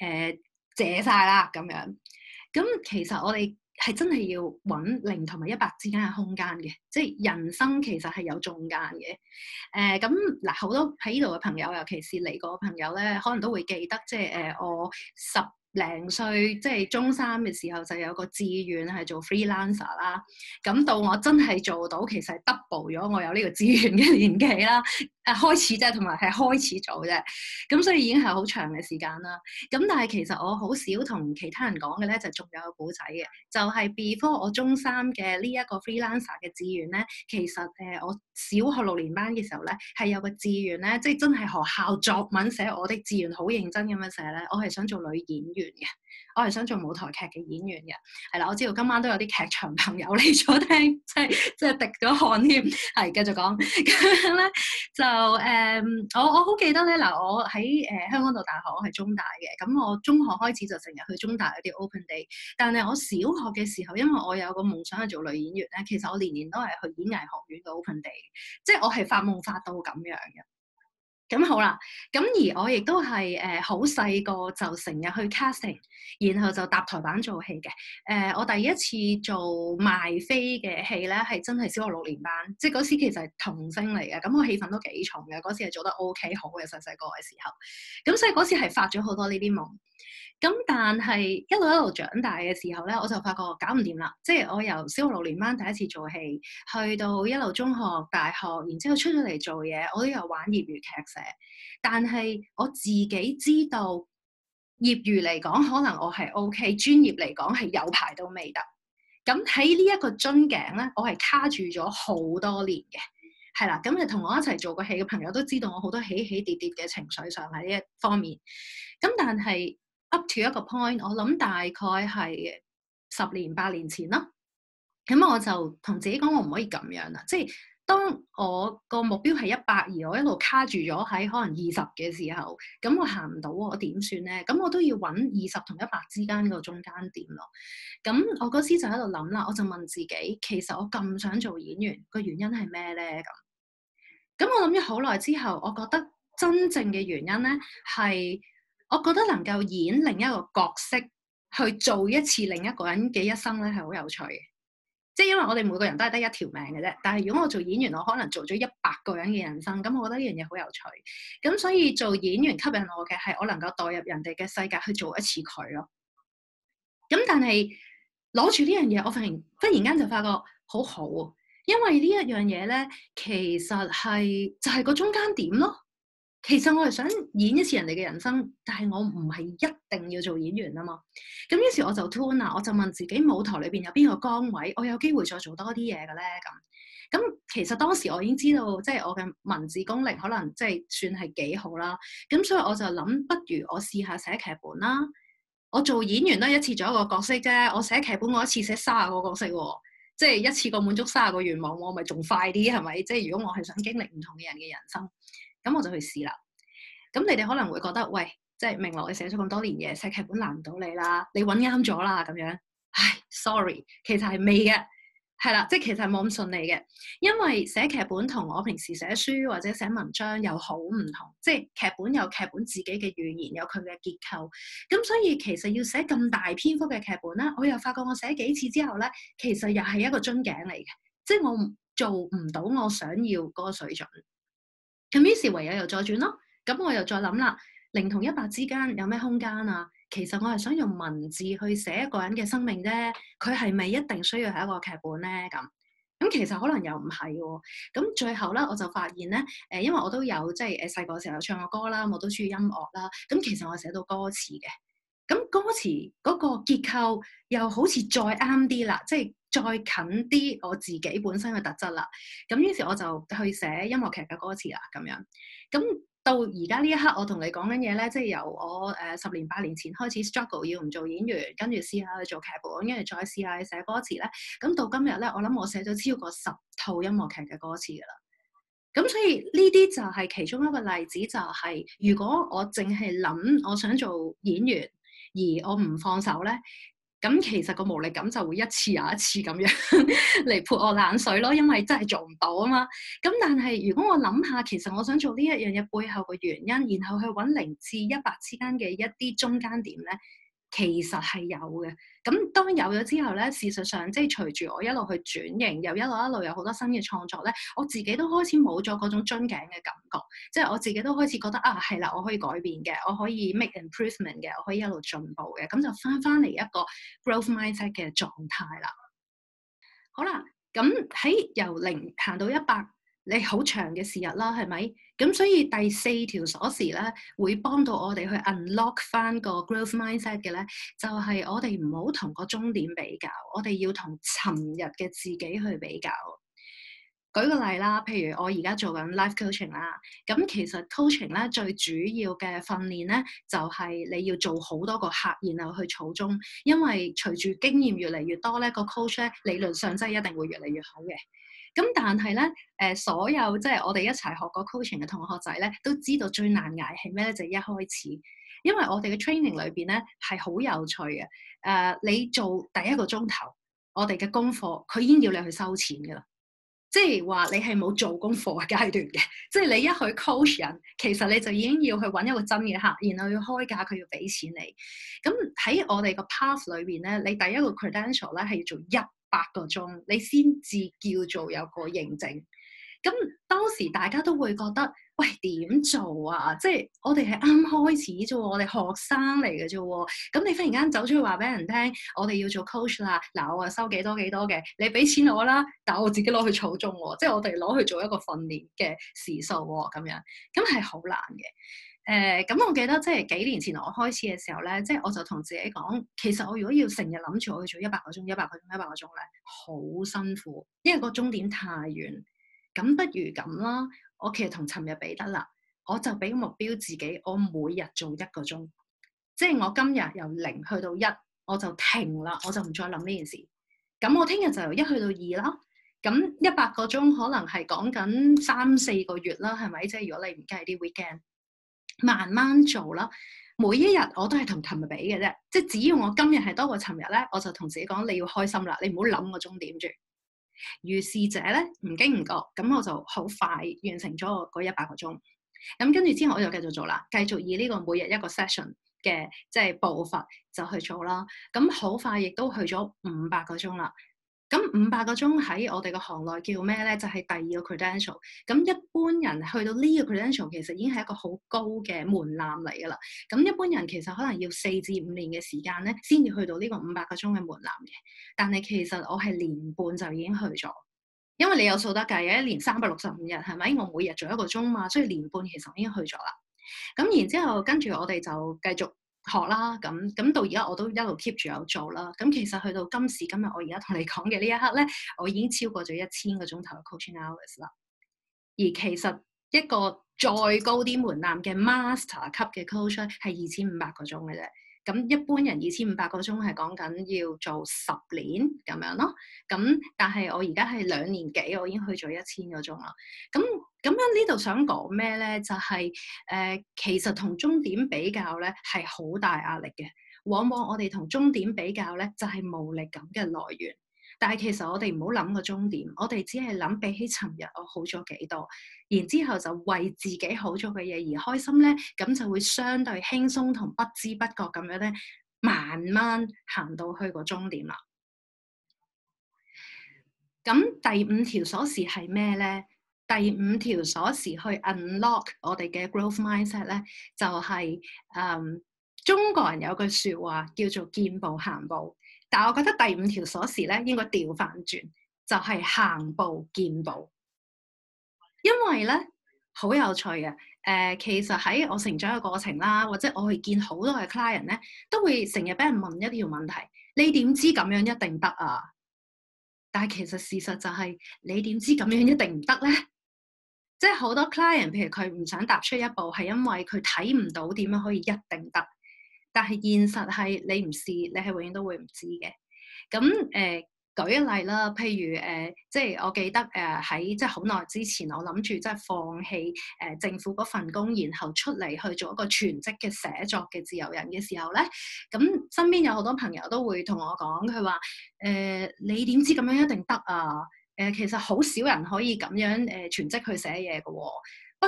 誒借晒啦咁樣。咁、嗯、其實我哋。係真係要揾零同埋一百之間嘅空間嘅，即係人生其實係有中間嘅。誒咁嗱，好多喺呢度嘅朋友，尤其是嚟過嘅朋友咧，可能都會記得，即係誒我十零歲即係中三嘅時候就有個志願係做 freelancer 啦。咁到我真係做到，其實 double 咗我有呢個志願嘅年紀啦。誒開始啫，同埋係開始做啫，咁所以已經係好長嘅時間啦。咁但係其實我好少同其他人講嘅咧，就仲有個故仔嘅，就係 before 我中三嘅呢一個 freelancer 嘅志願咧，其實誒我小學六年班嘅時候咧，係有個志願咧，即係真係學校作文寫我的志願，好認真咁樣寫咧，我係想做女演員嘅。我係想做舞台劇嘅演員嘅，係啦，我知道今晚都有啲劇場朋友嚟咗聽，即係即係滴咗汗添。係繼續講咁樣咧，就誒，um, 我我好記得咧，嗱，我喺誒、呃、香港讀大學，我係中大嘅，咁我中學開始就成日去中大嗰啲 open day，但係我小學嘅時候，因為我有個夢想係做女演員咧，其實我年年都係去演藝學院嘅 open day，即係我係發夢發到咁樣嘅。咁好啦，咁而我亦都係誒好細個就成日去 casting，然後就搭台板做戲嘅。誒、呃，我第一次做賣飛嘅戲咧，係真係小學六年班，即係嗰時其實係童星嚟嘅。咁我戲份都幾重嘅，嗰時係做得 O、OK、K 好嘅，細細個嘅時候。咁所以嗰次係發咗好多呢啲夢。咁但係一路一路長大嘅時候咧，我就發覺搞唔掂啦。即係我由小學六年班第一次做戲，去到一路中學、大學，然之後出咗嚟做嘢，我都有玩業餘劇社。但係我自己知道，業餘嚟講可能我係 OK，專業嚟講係有排都未得。咁喺呢一個樽頸咧，我係卡住咗好多年嘅。係啦，咁你同我一齊做過戲嘅朋友都知道，我好多起起跌跌嘅情緒上喺呢一方面。咁但係。up to 一個 point，我諗大概係十年八年前啦。咁我就同自己講：我唔可以咁樣啦。即係當我個目標係一百而我一路卡住咗喺可能二十嘅時候，咁我行唔到，我點算呢？我點算咧？咁我都要揾二十同一百之間個中間點咯。咁我嗰時就喺度諗啦，我就問自己：其實我咁想做演員，個原因係咩咧？咁咁我諗咗好耐之後，我覺得真正嘅原因咧係。我覺得能夠演另一個角色，去做一次另一個人嘅一生咧，係好有趣嘅。即係因為我哋每個人都係得一條命嘅啫，但係如果我做演員，我可能做咗一百個人嘅人生，咁我覺得呢樣嘢好有趣。咁所以做演員吸引我嘅係我能夠代入人哋嘅世界去做一次佢咯。咁但係攞住呢樣嘢，我突然忽然間就發覺好好啊，因為呢一樣嘢咧，其實係就係、係、個中間點咯。其實我係想演一次人哋嘅人生，但係我唔係一定要做演員啊嘛。咁於是我就 tune 啦，我就問自己舞台裏邊有邊個崗位，我有機會再做多啲嘢嘅咧。咁咁其實當時我已經知道，即係我嘅文字功力可能即係算係幾好啦。咁所以我就諗，不如我試下寫劇本啦。我做演員啦，一次做一個角色啫，我寫劇本我一次寫卅個角色喎，即係一次過滿足卅個願望，我咪仲快啲係咪？即係如果我係想經歷唔同嘅人嘅人生。咁我就去試啦。咁你哋可能會覺得，喂，即係明樂你寫咗咁多年嘢，寫劇本難唔到你啦，你揾啱咗啦咁樣。唉，Sorry，其實係未嘅，係啦，即係其實冇咁順利嘅。因為寫劇本同我平時寫書或者寫文章又好唔同，即係劇本有劇本自己嘅語言，有佢嘅結構。咁所以其實要寫咁大篇幅嘅劇本啦，我又發覺我寫幾次之後咧，其實又係一個樽頸嚟嘅，即係我做唔到我想要嗰個水準。miss 唯有又再轉咯，咁我又再諗啦，零同一百之間有咩空間啊？其實我係想用文字去寫一個人嘅生命啫，佢係咪一定需要係一個劇本咧？咁咁其實可能又唔係喎。咁最後咧，我就發現咧，誒，因為我都有即係誒細個時候唱過歌啦，我都中意音樂啦。咁其實我寫到歌詞嘅，咁歌詞嗰個結構又好似再啱啲啦，即係。再近啲我自己本身嘅特質啦，咁於是我就去寫音樂劇嘅歌詞啦，咁樣。咁到而家呢一刻，我同你講緊嘢咧，即係由我誒十年八年前開始 struggle，要唔做演員，跟住試下去做劇本，跟住再試下去寫歌詞咧。咁到今日咧，我諗我寫咗超過十套音樂劇嘅歌詞噶啦。咁所以呢啲就係其中一個例子，就係如果我淨係諗我想做演員，而我唔放手咧。咁其實個無力感就會一次又一次咁樣嚟 [LAUGHS] 潑我冷水囉，因為真係做唔到吖嘛。咁但係如果我諗下，其實我想做呢一樣嘢背後嘅原因，然後去揾零至一百之間嘅一啲中間點呢。其實係有嘅，咁當有咗之後咧，事實上即係隨住我一路去轉型，又一路一路有好多新嘅創作咧，我自己都開始冇咗嗰種樽頸嘅感覺，即係我自己都開始覺得啊係啦，我可以改變嘅，我可以 make improvement 嘅，我可以一路進步嘅，咁就返返嚟一個 growth mindset 嘅狀態啦。好啦，咁喺由零行到一百。你好長嘅時日啦，係咪？咁所以第四條鎖匙咧，會幫到我哋去 unlock 翻個 growth mindset 嘅咧，就係、是、我哋唔好同個終點比較，我哋要同尋日嘅自己去比較。舉個例啦，譬如我而家做緊 life coaching 啦、啊，咁其實 coaching 咧最主要嘅訓練咧，就係、是、你要做好多個客，然後去儲鐘，因為隨住經驗越嚟越多咧，那個 coach 理論上真係一定會越嚟越好嘅。咁但係咧，誒、呃、所有即係我哋一齊學過 coaching 嘅同學仔咧，都知道最難挨係咩咧？就係、是、一開始，因為我哋嘅 training 裏邊咧係好有趣嘅。誒、呃，你做第一個鐘頭，我哋嘅功課，佢已經要你去收錢噶啦。即係話你係冇做功課嘅階段嘅，即係你一去 coaching，其實你就已經要去揾一個真嘅客，然後要開價，佢要俾錢你。咁、嗯、喺我哋個 path 裏邊咧，你第一個 credential 咧係要做一八個鐘，你先至叫做有個認證。咁當時大家都會覺得，喂，點做啊？即係我哋係啱開始啫，我哋學生嚟嘅啫。咁你忽然間走出去話俾人聽，我哋要做 coach 啦。嗱，我話收幾多幾多嘅，你俾錢給我啦，但我自己攞去儲鐘，即係我哋攞去做一個訓練嘅時數咁樣，咁係好難嘅。誒咁、嗯，我記得即係幾年前我開始嘅時候咧，即係我就同自己講，其實我如果要成日諗住我要做一百個鐘、一百個鐘、一百個鐘咧，好辛苦，因為個終點太遠。咁不如咁啦，我其實同尋日比得啦，我就俾目標自己，我每日做一個鐘，即係我今日由零去到一，我就停啦，我就唔再諗呢件事。咁我聽日就由一去到二啦。咁一百個鐘可能係講緊三四個月啦，係咪？即係如果你唔計啲 weekend。慢慢做啦，每一日我都係同尋日比嘅啫，即係只要我今日係多過尋日咧，我就同自己講，你要開心啦，你唔好諗個終點住。如是者咧，唔經唔覺，咁我就好快完成咗個嗰一百個鐘。咁跟住之後，我就繼續做啦，繼續以呢個每日一個 session 嘅即係步伐就去做啦。咁好快亦都去咗五百個鐘啦。咁五百個鐘喺我哋個行內叫咩咧？就係第二個 credential。咁一般人去到呢個 credential 其實已經係一個好高嘅門檻嚟㗎啦。咁一般人其實可能要四至五年嘅時間咧，先至去到呢個五百個鐘嘅門檻嘅。但係其實我係年半就已經去咗，因為你有數得計，一年三百六十五日係咪？我每日做一個鐘嘛，所以年半其實已經去咗啦。咁然之後跟住我哋就繼續。學啦，咁咁到而家我都一路 keep 住有做啦。咁其實去到今時今日，我而家同你講嘅呢一刻咧，我已經超過咗一千個鐘頭嘅 coaching hours 啦。而其實一個再高啲門檻嘅 master 級嘅 coaching 係二千五百個鐘嘅啫。咁一般人二千五百個鐘係講緊要做十年咁樣咯，咁但係我而家係兩年幾，我已經去咗一千個鐘啦。咁咁樣這呢度想講咩咧？就係、是、誒、呃，其實同終點比較咧係好大壓力嘅，往往我哋同終點比較咧就係、是、無力感嘅來源。但係其實我哋唔好諗個終點，我哋只係諗比起尋日我好咗幾多，然之後就為自己好咗嘅嘢而開心咧，咁就會相對輕鬆同不知不覺咁樣咧，慢慢行到去個終點啦。咁第五條鎖匙係咩咧？第五條鎖匙去 unlock 我哋嘅 growth mindset 咧，就係誒中國人有句説話叫做見步行步。嗱，但我覺得第五條鎖匙咧應該調翻轉，就係、是、行步見步。因為咧好有趣嘅。誒、呃，其實喺我成長嘅過程啦，或者我去見好多嘅 client 咧，都會成日俾人問一條問題：你點知咁樣一定得啊？但係其實事實就係、是、你點知咁樣一定唔得咧？即係好多 client，譬如佢唔想踏出一步，係因為佢睇唔到點樣可以一定得。但係現實係你唔試，你係永遠都會唔知嘅。咁誒、呃、舉一例啦，譬如誒、呃，即係我記得誒喺、呃、即係好耐之前，我諗住即係放棄誒、呃、政府嗰份工，然後出嚟去做一個全職嘅寫作嘅自由人嘅時候咧，咁、呃、身邊有好多朋友都會同我講，佢話誒你點知咁樣一定得啊？誒、呃、其實好少人可以咁樣誒、呃、全職去寫嘢嘅喎。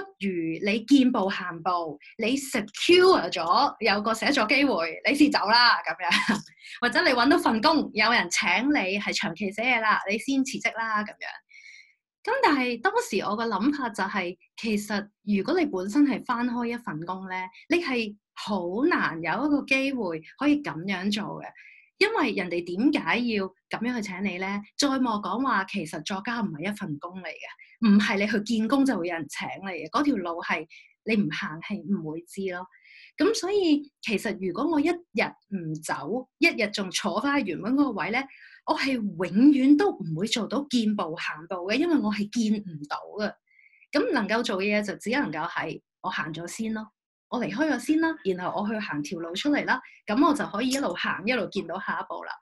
不如你見步行步，你 secure 咗有個寫作機會，你先走啦咁樣， [LAUGHS] 或者你搵到份工，有人請你係長期寫嘢啦，你先辭職啦咁樣。咁但係當時我個諗法就係，其實如果你本身係返開一份工咧，你係好難有一個機會可以咁樣做嘅。因為人哋點解要咁樣去請你咧？再莫講話，其實作家唔係一份工嚟嘅，唔係你去見工就會有人請你嘅。嗰條路係你唔行，係唔會知咯。咁所以其實如果我一日唔走，一日仲坐翻原本嗰個位咧，我係永遠都唔會做到見步行步嘅，因為我係見唔到㗎。咁能夠做嘅嘢就只能夠係我行咗先咯。我離開咗先啦，然後我去行條路出嚟啦，咁我就可以一路行一路見到下一步啦。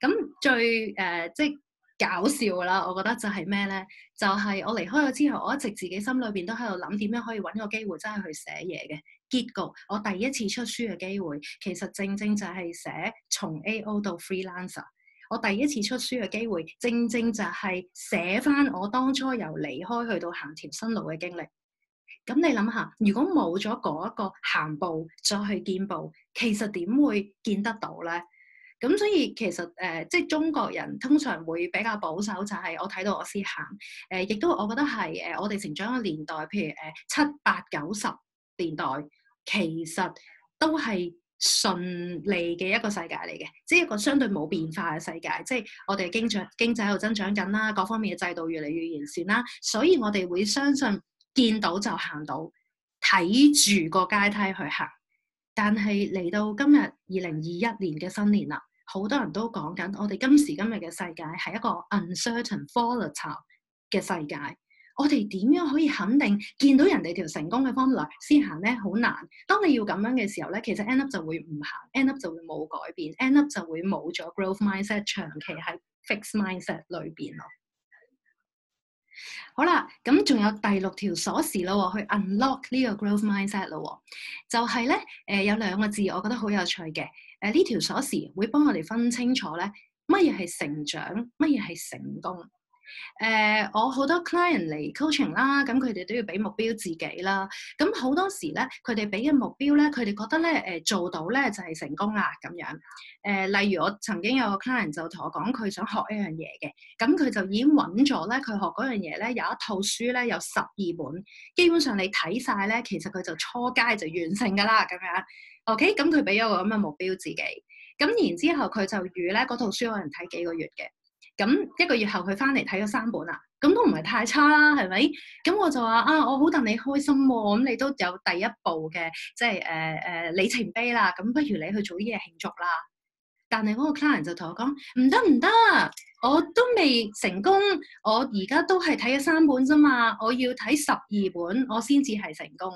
咁最誒、呃、即係搞笑啦，我覺得就係咩咧？就係、是、我離開咗之後，我一直自己心裏面都喺度諗點樣可以搵個機會真係去寫嘢嘅。結局我第一次出書嘅機會，其實正正就係寫從 AO 到 freelancer。我第一次出書嘅機會，正正就係寫返我當初由離開去到行條新路嘅經歷。咁你諗下，如果冇咗嗰一個行步再去見步，其實點會見得到咧？咁所以其實誒、呃，即係中國人通常會比較保守，就係我睇到我先行。誒、呃，亦都我覺得係誒、呃，我哋成長嘅年代，譬如誒七八九十年代，其實都係順利嘅一個世界嚟嘅，即係一個相對冇變化嘅世界。即係我哋經濟經濟又增長緊啦，各方面嘅制度越嚟越完善啦，所以我哋會相信。見到就行到，睇住個階梯去行。但係嚟到今日二零二一年嘅新年啦，好多人都講緊，我哋今時今日嘅世界係一個 uncertain volatile 嘅世界。我哋點樣可以肯定見到人哋條成功嘅 formula 先行咧？好難。當你要咁樣嘅時候咧，其實 end up 就會唔行，end up 就會冇改變，end up 就會冇咗 growth mindset，長期喺 fix mindset 裏邊咯。好啦，咁仲有第六條鎖匙咯，去 unlock 呢個 growth mindset 咯，就係、是、咧，誒、呃、有兩個字，我覺得好有趣嘅，誒、呃、呢條鎖匙會幫我哋分清楚咧，乜嘢係成長，乜嘢係成功。誒、呃，我好多 client 嚟 coaching 啦，咁佢哋都要俾目標自己啦。咁好多時咧，佢哋俾嘅目標咧，佢哋覺得咧，誒做到咧就係成功啦，咁樣。誒、呃，例如我曾經有個 client 就同我講，佢想學一樣嘢嘅，咁佢就已經揾咗咧，佢學嗰樣嘢咧有一套書咧有十二本，基本上你睇晒咧，其實佢就初階就完成噶啦，咁樣。OK，咁佢俾咗個咁嘅目標自己，咁然之後佢就預咧嗰套書可能睇幾個月嘅。咁一個月後佢翻嚟睇咗三本啦，咁都唔係太差啦，係咪？咁我就話啊，我好戥你開心喎、啊，咁你都有第一步嘅，即係誒誒里程碑啦，咁不如你去做啲嘢慶祝啦。但係嗰個 client 就同我講唔得唔得，我都未成功，我而家都係睇咗三本啫嘛，我要睇十二本我先至係成功。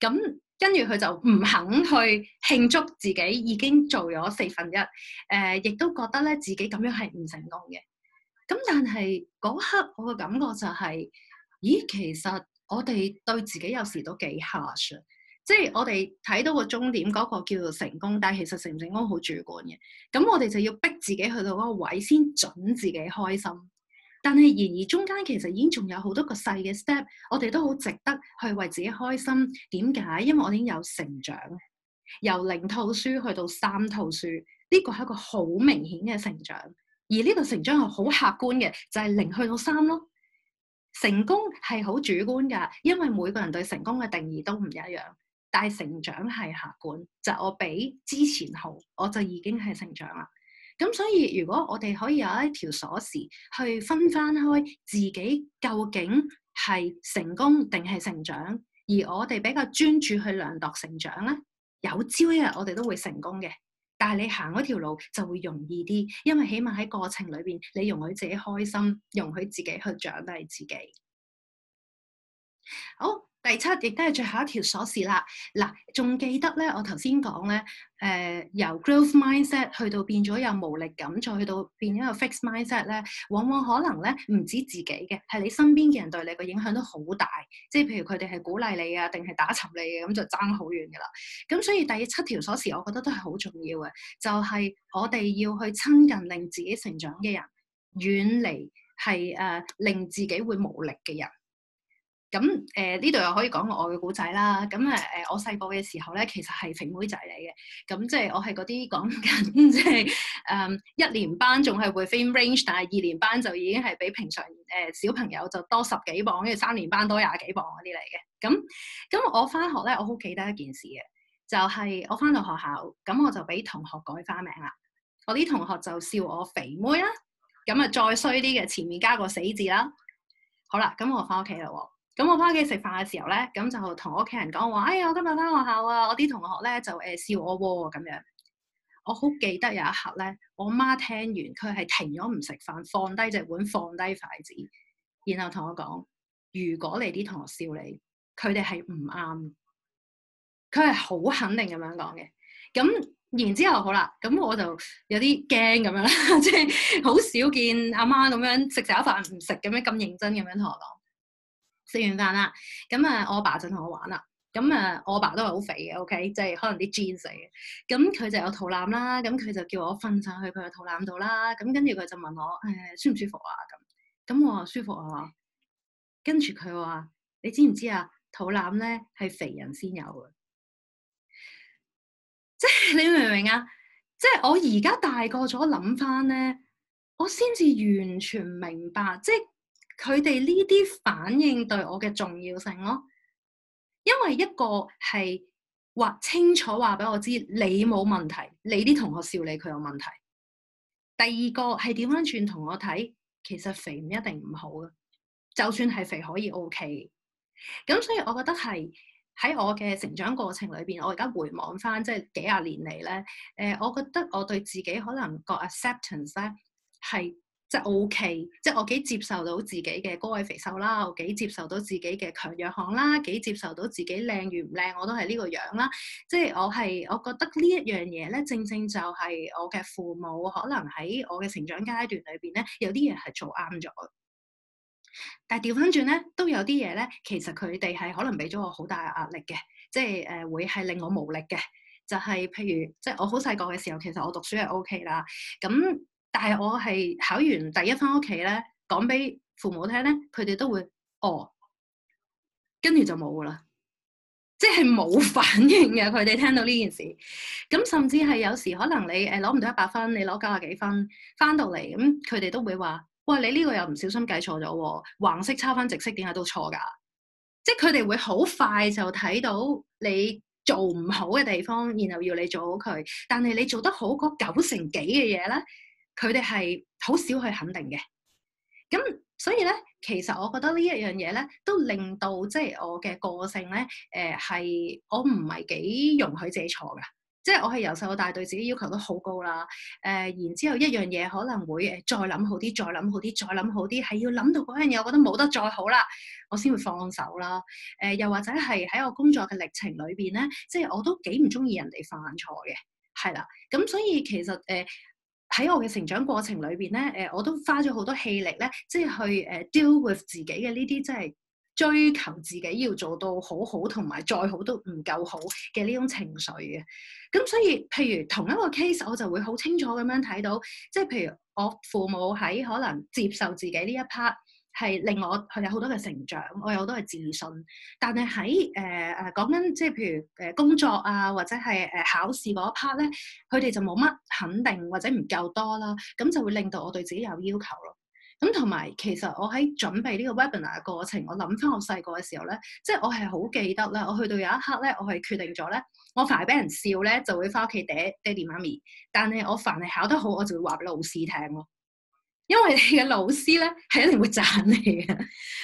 咁。跟住佢就唔肯去慶祝自己已經做咗四分一，誒、呃，亦都覺得咧自己咁樣係唔成功嘅。咁但係嗰刻我嘅感覺就係、是，咦，其實我哋對自己有時都幾 hard 啊即係我哋睇到個終點嗰、那個叫做成功，但係其實成唔成功好主觀嘅。咁我哋就要逼自己去到嗰個位先準自己開心。但係，然而中間其實已經仲有好多個細嘅 step，我哋都好值得去為自己開心。點解？因為我已經有成長，由零套書去到三套書，呢個係一個好明顯嘅成長。而呢個成長係好客觀嘅，就係零去到三咯。成功係好主觀㗎，因為每個人對成功嘅定義都唔一樣。但係成長係客觀，就係我比之前好，我就已經係成長啦。咁、嗯、所以，如果我哋可以有一條鎖匙，去分翻開自己究竟係成功定係成長，而我哋比較專注去量度成長咧，有朝一日我哋都會成功嘅。但係你行嗰條路就會容易啲，因為起碼喺過程裏邊，你容許自己開心，容許自己去獎勵自己。好。第七，亦都係最後一條鎖匙啦。嗱，仲記得咧？我頭先講咧，誒、呃，由 growth mindset 去到變咗有無力感，再去到變咗有 fixed mindset 咧，往往可能咧唔止自己嘅，係你身邊嘅人對你個影響都好大。即係譬如佢哋係鼓勵你啊，定係打沉你嘅咁，就爭好遠嘅啦。咁所以第七條鎖匙，我覺得都係好重要嘅，就係、是、我哋要去親近令自己成長嘅人，遠離係誒、呃、令自己會無力嘅人。咁誒呢度又可以講我嘅古仔啦。咁誒誒，我細個嘅時候咧，其實係肥妹仔嚟嘅。咁即係我係嗰啲講緊，即係誒一年班仲係會 fit range，但係二年班就已經係比平常誒、呃、小朋友就多十幾磅，跟住三年班多廿幾磅嗰啲嚟嘅。咁咁我翻學咧，我好記得一件事嘅，就係、是、我翻到學校，咁我就俾同學改花名啦。我啲同學就笑我肥妹啦。咁啊再衰啲嘅，前面加個死字啦。好啦，咁我翻屋企啦喎。咁我翻屋企食飯嘅時候咧，咁就同我屋企人講話，哎呀，我今日翻學校啊，我啲同學咧就誒笑我喎、啊、咁樣。我好記得有一刻咧，我媽聽完佢係停咗唔食飯，放低隻碗，放低筷子，然後同我講：如果你啲同學笑你，佢哋係唔啱。佢係好肯定咁樣講嘅。咁然之後好啦，咁我就有啲驚咁樣啦，即係好少見阿媽咁樣食食下飯唔食咁樣咁認真咁樣同我講。食完飯啦，咁啊，我爸就同我玩啦。咁啊，我爸都係好肥嘅，OK，即係可能啲 genes 嘅。咁佢就有肚腩啦，咁佢就叫我瞓晒去佢嘅肚腩度啦。咁跟住佢就問我，誒，舒唔舒服啊？咁，咁我話舒服啊。跟住佢話，你知唔知啊？肚腩咧係肥人先有嘅，即係你明唔明啊？即係我而家大個咗，諗翻咧，我先至完全明白，即係。佢哋呢啲反應對我嘅重要性咯，因為一個係話清楚話俾我知你冇問題，你啲同學笑你佢有問題；第二個係點樣轉同我睇，其實肥唔一定唔好嘅，就算係肥可以 OK。咁所以我覺得係喺我嘅成長過程裏邊，我而家回望翻即係幾廿年嚟咧，誒、呃，我覺得我對自己可能個 acceptance 咧係。即係 OK，即係我幾接受到自己嘅高矮肥瘦啦，我幾接受到自己嘅強弱項啦，幾接受到自己靚與唔靚，我都係呢個樣啦。即係我係我覺得呢一樣嘢咧，正正就係我嘅父母可能喺我嘅成長階段裏邊咧，有啲嘢係做啱咗。但係調翻轉咧，都有啲嘢咧，其實佢哋係可能俾咗我好大壓力嘅，即係誒會係令我無力嘅。就係譬如，即係我好細個嘅時候，其實我讀書係 OK 啦，咁。但係我係考完第一翻屋企咧，講俾父母聽咧，佢哋都會哦，跟住就冇噶啦，即係冇反應嘅。佢哋聽到呢件事，咁甚至係有時可能你誒攞唔到一百分，你攞九廿幾分翻到嚟，咁佢哋都會話：喂，你呢個又唔小心計錯咗，橫式抄翻直式，點解都錯噶？即係佢哋會好快就睇到你做唔好嘅地方，然後要你做好佢。但係你做得好嗰九成幾嘅嘢咧？佢哋係好少去肯定嘅，咁所以咧，其實我覺得呢一樣嘢咧，都令到即係、就是、我嘅個性咧，誒、呃、係我唔係幾容許自己錯嘅，即係我係由細到大對自己要求都好高啦。誒、呃、然之後一樣嘢可能會誒再諗好啲，再諗好啲，再諗好啲，係要諗到嗰樣嘢，我覺得冇得再好啦，我先會放手啦。誒、呃、又或者係喺我工作嘅歷程裏邊咧，即係我都幾唔中意人哋犯錯嘅，係啦。咁所以其實誒、呃喺我嘅成長過程裏邊咧，誒我都花咗好多氣力咧，即係去誒 deal with 自己嘅呢啲，即係追求自己要做到好好，同埋再好都唔夠好嘅呢種情緒嘅。咁所以，譬如同一個 case，我就會好清楚咁樣睇到，即係譬如我父母喺可能接受自己呢一 part。係令我佢有好多嘅成長，我有好多嘅自信。但係喺誒誒講緊即係譬如誒工作啊，或者係誒、呃、考試嗰一 part 咧，佢哋就冇乜肯定或者唔夠多啦。咁就會令到我對自己有要求咯。咁同埋其實我喺準備呢個 webinar 嘅過程，我諗翻我細個嘅時候咧，即係我係好記得咧，我去到有一刻咧，我係決定咗咧，我凡係俾人笑咧，就會翻屋企嗲爹地媽咪。但係我凡係考得好，我就會話俾老師聽咯。因為你嘅老師咧，係一定會讚你嘅，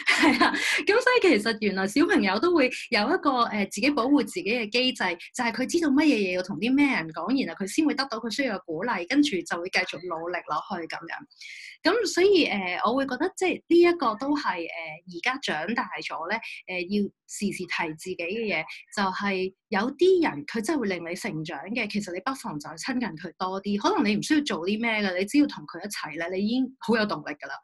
係 [LAUGHS] 啊。咁所以其實原來小朋友都會有一個誒、呃、自己保護自己嘅機制，就係、是、佢知道乜嘢嘢要同啲咩人講，然後佢先會得到佢需要嘅鼓勵，跟住就會繼續努力落去咁樣。咁所以誒、呃，我會覺得即係呢一個都係誒而家長大咗咧誒，要時時提自己嘅嘢，就係、是。有啲人佢真係會令你成長嘅，其實你不妨就親近佢多啲。可能你唔需要做啲咩嘅，你只要同佢一齊咧，你已經好有動力噶啦。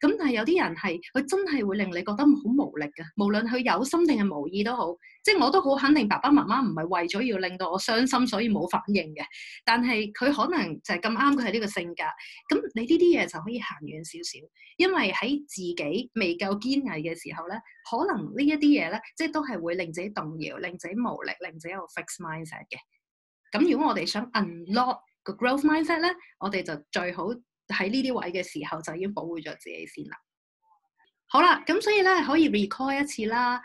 咁但係有啲人係，佢真係會令你覺得好無力噶。無論佢有心定係無意都好。即係我都好肯定，爸爸媽媽唔係為咗要令到我傷心，所以冇反應嘅。但係佢可能就係咁啱，佢係呢個性格。咁你呢啲嘢就可以行遠少少，因為喺自己未夠堅毅嘅時候咧，可能呢一啲嘢咧，即係都係會令自己動搖，令自己無力，令自己有 fixed mindset 嘅。咁如果我哋想 unlock 個 growth mindset 咧，我哋就最好喺呢啲位嘅時候就要保護咗自己先啦。好啦，咁所以咧可以 recall 一次啦。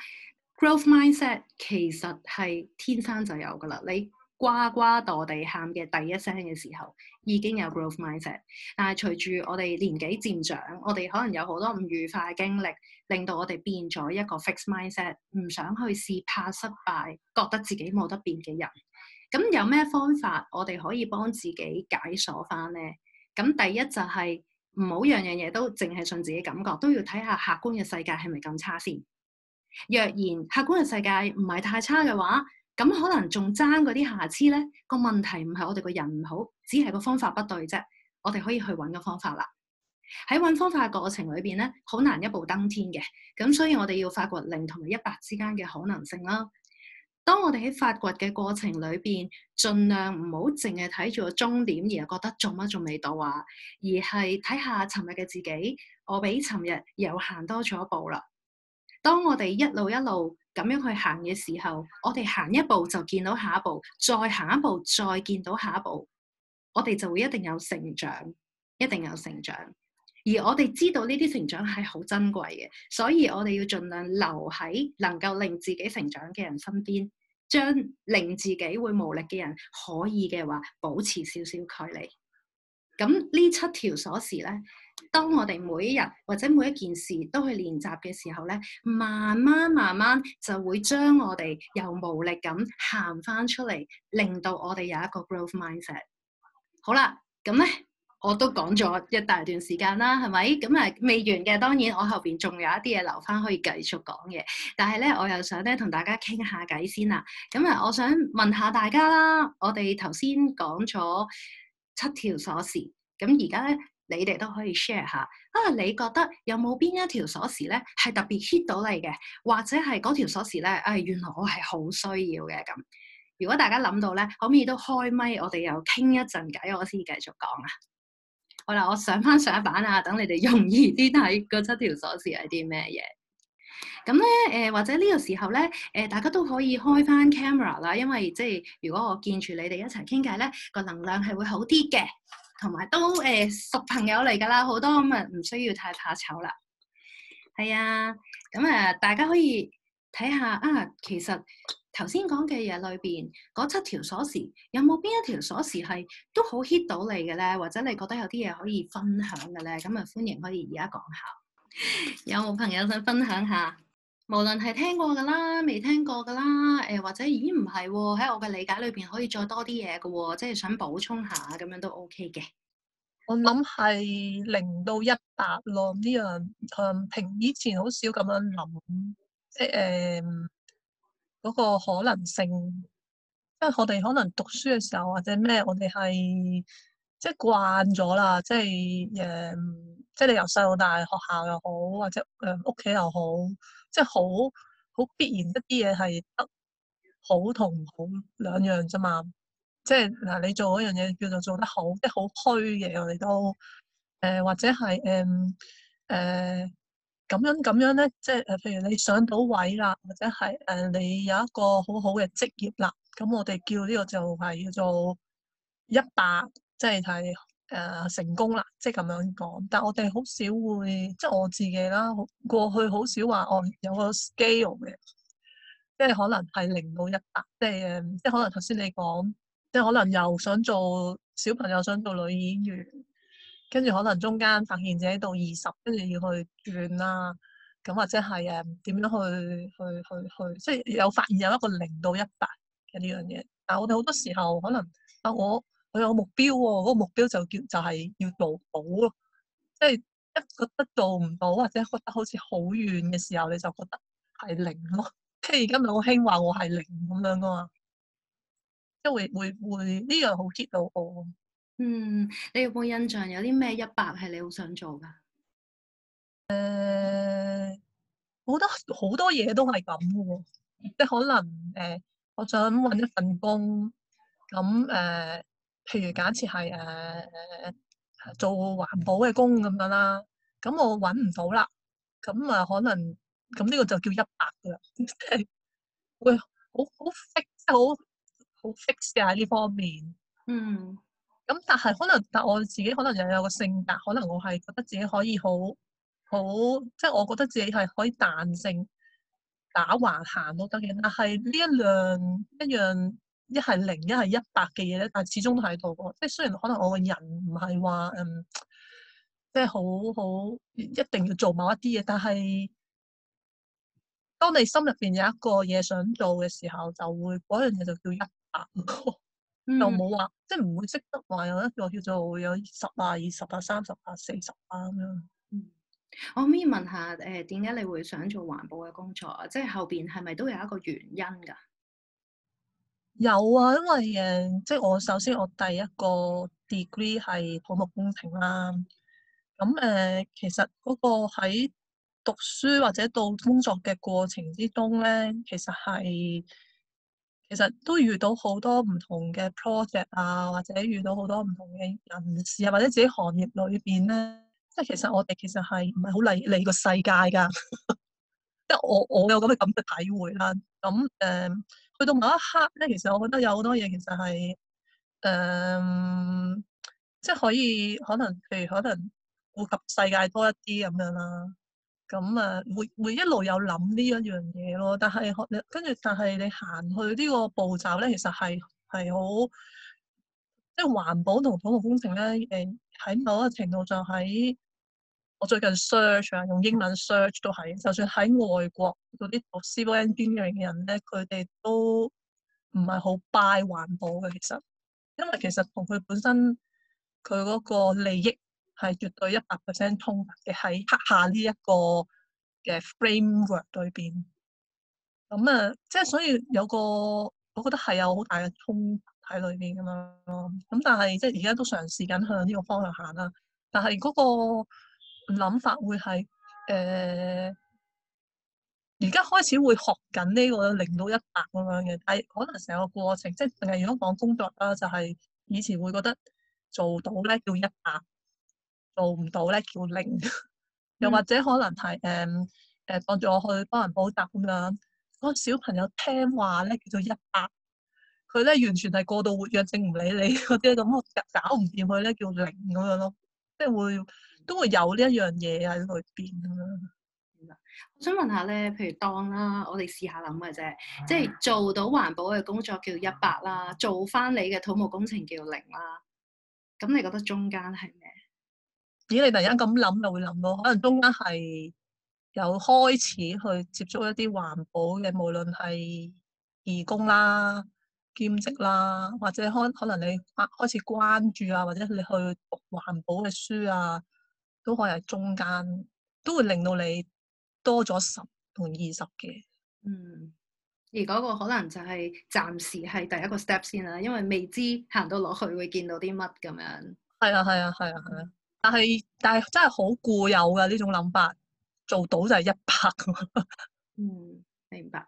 Growth Mindset 其實係天生就有噶啦，你呱呱墮地喊嘅第一聲嘅時候已經有 Growth Mindset，但係隨住我哋年紀漸長，我哋可能有好多唔愉快嘅經歷，令到我哋變咗一個 fix mindset，唔想去試怕失敗，覺得自己冇得變嘅人。咁有咩方法我哋可以幫自己解鎖翻咧？咁第一就係唔好樣樣嘢都淨係信自己感覺，都要睇下客觀嘅世界係咪咁差先。若然客觀嘅世界唔係太差嘅話，咁可能仲爭嗰啲瑕疵咧。個問題唔係我哋個人唔好，只係個方法不對啫。我哋可以去揾個方法啦。喺揾方法嘅過程裏邊咧，好難一步登天嘅。咁所以我哋要發掘零同埋一百之間嘅可能性啦。當我哋喺發掘嘅過程裏邊，盡量唔好淨係睇住個終點而係覺得做乜仲未到啊，而係睇下尋日嘅自己，我比尋日又行多咗一步啦。當我哋一路一路咁樣去行嘅時候，我哋行一步就見到下一步，再行一步再見到下一步，我哋就會一定有成長，一定有成長。而我哋知道呢啲成長係好珍貴嘅，所以我哋要盡量留喺能夠令自己成長嘅人身邊，將令自己會無力嘅人可以嘅話保持少少距離。咁呢七條鎖匙咧，當我哋每一日或者每一件事都去練習嘅時候咧，慢慢慢慢就會將我哋又無力咁行翻出嚟，令到我哋有一個 Growth Mindset。好啦，咁咧我都講咗一大段時間啦，係咪？咁啊未完嘅，當然我後邊仲有一啲嘢留翻可以繼續講嘅。但係咧，我又想咧同大家傾下偈先啦。咁啊，我想問下大家啦，我哋頭先講咗七條鎖匙，咁而家咧。你哋都可以 share 下啊！你覺得有冇邊一條鎖匙咧係特別 hit 到你嘅，或者係嗰條鎖匙咧？唉、哎，原來我係好需要嘅咁。如果大家諗到咧，可唔可以都開咪？我哋又傾一陣偈，我先繼續講啊！好啦，我上翻上一版啊，等你哋容易啲睇嗰七條鎖匙係啲咩嘢。咁咧，誒、呃、或者呢個時候咧，誒、呃、大家都可以開翻 camera 啦，因為即係如果我見住你哋一齊傾偈咧，個能量係會好啲嘅。同埋都誒、欸、熟朋友嚟㗎啦，好多咁啊，唔需要太怕醜啦。係啊，咁啊，大家可以睇下啊，其實頭先講嘅嘢裏邊嗰七條鎖匙，有冇邊一條鎖匙係都好 hit 到你嘅咧？或者你覺得有啲嘢可以分享嘅咧？咁啊，歡迎可以而家講下，有冇朋友想分享下？無論係聽過噶啦，未聽過噶啦，誒、呃、或者已咦唔係喎？喺、喔、我嘅理解裏邊可以再多啲嘢噶，即係想補充下咁樣都 OK 嘅。我諗係零到一百咯，呢樣誒、嗯、平以前好少咁樣諗，即係誒嗰個可能性，即係我哋可能讀書嘅時候或者咩，我哋係即係慣咗啦，即係誒，即係、嗯、你由細到大學校又好，或者誒屋企又好。即係好好必然一啲嘢係得好同唔好兩樣啫嘛。即係嗱，你做嗰樣嘢叫做做得好，即係好虛嘅我哋都誒，或者係誒誒咁樣咁樣咧。即係誒，譬如你上到位啦，或者係誒、呃、你有一個好好嘅職業啦。咁我哋叫呢個就係叫做一百，即係係。誒、呃、成功啦，即係咁樣講。但係我哋好少會，即係我自己啦，過去好少話我、哦、有個 scale 嘅，即係可能係零到一百，即係即係可能頭先你講，即係可能又想做小朋友想做女演員，跟住可能中間發現自己到二十，跟住要去轉啦，咁或者係誒點樣去去去去，即係有發現有一個零到一百嘅呢樣嘢。但係我哋好多時候可能啊我。佢有目標喎，嗰個目標就叫就係要做到咯。即係一覺得做唔到，或者覺得好似好遠嘅時候，你就覺得係零咯。即係而家咪好興話我係零咁樣噶嘛，即係會會會呢樣好 hit 到我。嗯，你有冇印象有啲咩一百係你好想做噶？誒、呃，好多好多嘢都係咁嘅，即係可能誒、呃，我想搵一份工咁誒。譬如假設係誒做環保嘅工咁樣啦，咁我揾唔到啦，咁啊可能咁呢個就叫一百嘅，即 [LAUGHS] 係會好好 fix，即係好好 fix 喺呢方面。嗯，咁、嗯、但係可能，但我自己可能又有個性格，可能我係覺得自己可以好好，即係、就是、我覺得自己係可以彈性打橫行都得嘅。但係呢一樣一樣。一係零，一係一百嘅嘢咧，但係始終都喺度嘅。即係雖然可能我個人唔係話，嗯，即係好好一定要做某一啲嘢，但係當你心入邊有一個嘢想做嘅時候，就會嗰樣嘢就叫一百。嗯、就冇話，即係唔會識得話有一個叫做會有十啊、二十啊、三十啊、四十啊咁樣。我可唔可以問下，誒、呃，點解你會想做環保嘅工作啊？即係後邊係咪都有一個原因噶？有啊，因為誒，即係我首先我第一個 degree 係土木工程啦。咁誒、呃，其實嗰個喺讀書或者到工作嘅過程之中咧，其實係其實都遇到好多唔同嘅 project 啊，或者遇到好多唔同嘅人士啊，或者自己行業裏邊咧，即係其實我哋其實係唔係好理理個世界噶， [LAUGHS] 即係我我有咁嘅感受體會啦。咁誒。呃去到某一刻咧，其實我覺得有好多嘢其實係誒、呃，即係可以可能譬如可能惠及世界多一啲咁樣啦。咁啊，會會一路有諗呢一樣嘢咯。但係你跟住，但係你行去呢個步驟咧，其實係係好即係環保同土木工程咧。誒，喺某一個程度上喺。我最近 search 啊，用英文 search 都係，就算喺外國嗰啲讀 CERN 邊樣嘅人咧，佢哋都唔係好 buy 環保嘅。其實，因為其實同佢本身佢嗰個利益係絕對一百 percent 通達嘅喺刻下呢一個嘅 framework 對邊。咁啊、呃，即係所以有個我覺得係有好大嘅衝喺裏邊咁樣咯。咁但係即係而家都嘗試緊向呢個方向行啦。但係嗰、那個諗法會係誒，而、呃、家開始會學緊呢個零到一百咁樣嘅，但係可能成個過程，即係淨係如果講工作啦，就係、是、以前會覺得做到咧叫一百，做唔到咧叫零，嗯、又或者可能係誒誒，當住我去幫人補習咁樣，個小朋友聽話咧叫做一百，佢咧完全係過度活躍症，唔理你嗰啲咁，搞唔掂佢咧叫零咁樣咯，即係會。都會有呢一樣嘢喺裏邊啦。我、嗯、想問下咧，譬如當啦，我哋試下諗嘅啫，啊、即係做到環保嘅工作叫一百啦，做翻你嘅土木工程叫零啦。咁你覺得中間係咩？咦？你突然間咁諗，就會諗咯。可能中間係有開始去接觸一啲環保嘅，無論係義工啦、兼職啦，或者可可能你開開始關注啊，或者你去讀環保嘅書啊。都可能係中間，都會令到你多咗十同二十嘅。嗯，而嗰個可能就係暫時係第一個 step 先啦，因為未知行到落去會見到啲乜咁樣。係啊係啊係啊係啊！但係但係真係好固有嘅呢種諗法，做到就係一百。嗯，明白。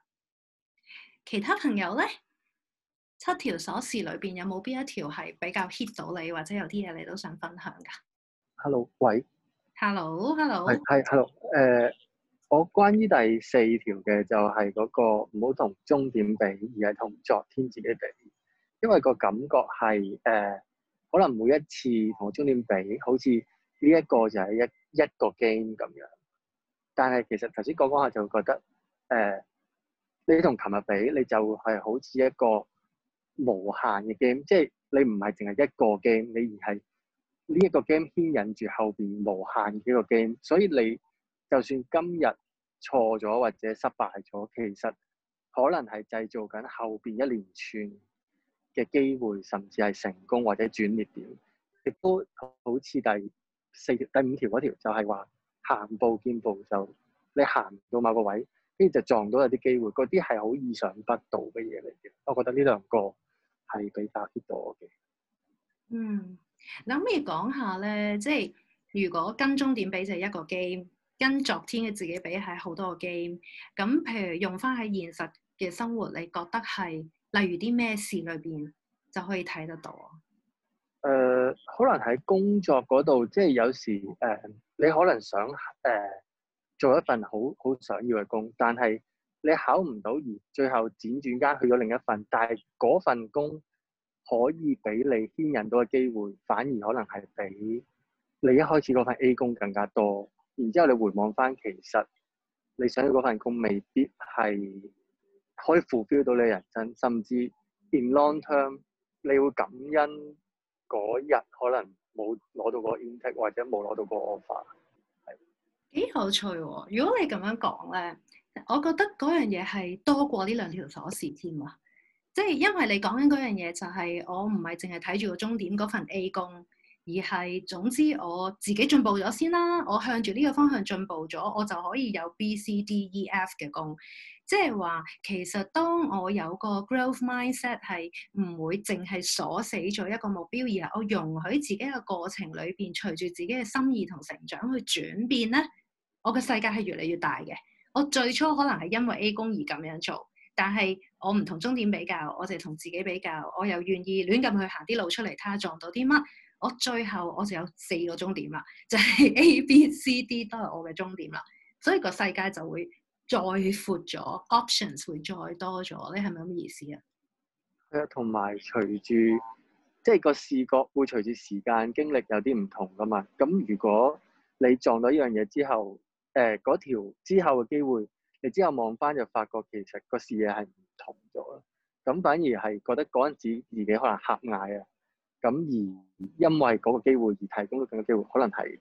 其他朋友咧，七條鎖匙裏邊有冇邊一條係比較 hit 到你，或者有啲嘢你都想分享噶？Hello，喂，hey. Hello，Hello，係 Hello，誒，hey, uh, 我關於第四條嘅就係嗰個唔好同終點比，而係同昨天自己比，因為個感覺係誒，uh, 可能每一次同終點比，好似呢一個就係一一個 game 咁樣，但係其實頭先講講下就覺得誒，uh, 你同琴日比，你就係好似一個無限嘅 game，即係你唔係淨係一個 game，你而係。呢一個 game 牽引住後邊無限幾個 game，所以你就算今日錯咗或者失敗咗，其實可能係製造緊後邊一連串嘅機會，甚至係成功或者轉捩點。亦都好似第四條第五條嗰條，就係話行步見步就你行到某個位，跟住就撞到有啲機會，嗰啲係好意想不到嘅嘢嚟嘅。我覺得呢兩個係比較 hit 到我嘅。嗯。諗住講下咧，即係如果跟鐘點比就係一個 game，跟昨天嘅自己比係好多個 game。咁譬如用返喺現實嘅生活，你覺得係例如啲咩事裏邊就可以睇得到啊？誒、呃，可能喺工作嗰度，即係有時誒、呃，你可能想誒、呃、做一份好好想要嘅工，但係你考唔到，而最後輾轉間去咗另一份，但係嗰份工。可以俾你牽引到嘅機會，反而可能係比你一開始嗰份 A 工更加多。然之後你回望翻，其實你想要嗰份工未必係可以付標到你人生，甚至 in long term 你會感恩嗰日可能冇攞到個 intake 或者冇攞到個 offer。係幾有趣喎！如果你咁樣講咧，我覺得嗰樣嘢係多過呢兩條鎖匙添啊！即係因為你講緊嗰樣嘢，就係、是、我唔係淨係睇住個終點嗰份 A 工，而係總之我自己進步咗先啦。我向住呢個方向進步咗，我就可以有 B、C、D、E、F 嘅工。即係話，其實當我有個 Growth Mindset 係唔會淨係鎖死咗一個目標，而係我容許自己嘅過程裏邊，隨住自己嘅心意同成長去轉變咧，我嘅世界係越嚟越大嘅。我最初可能係因為 A 工而咁樣做，但係。我唔同終點比較，我就係同自己比較。我又願意亂咁去行啲路出嚟，睇下撞到啲乜。我最後我就有四個終點啦，就係、是、A、B、C、D 都係我嘅終點啦。所以個世界就會再闊咗，options 會再多咗。你係咪咁嘅意思啊？係啊，同埋隨住即係個視覺會隨住時間經歷有啲唔同噶嘛。咁如果你撞到一樣嘢之後，誒、呃、嗰條之後嘅機會。之後望翻就發覺其實個視野係唔同咗啦，咁反而係覺得嗰陣時自己可能狹隘啊，咁而因為嗰個機會而提供到咁嘅機會，可能係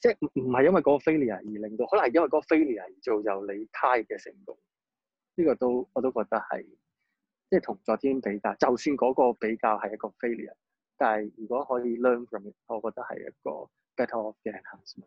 即係唔係因為嗰個 failure 而令到，可能係因為嗰個 failure 而造就你他日嘅成功。呢個都我都覺得係，即係同昨天比較，就算嗰個比較係一個 failure，但係如果可以 learn from it，我覺得係一個 better off 嘅 enhancement。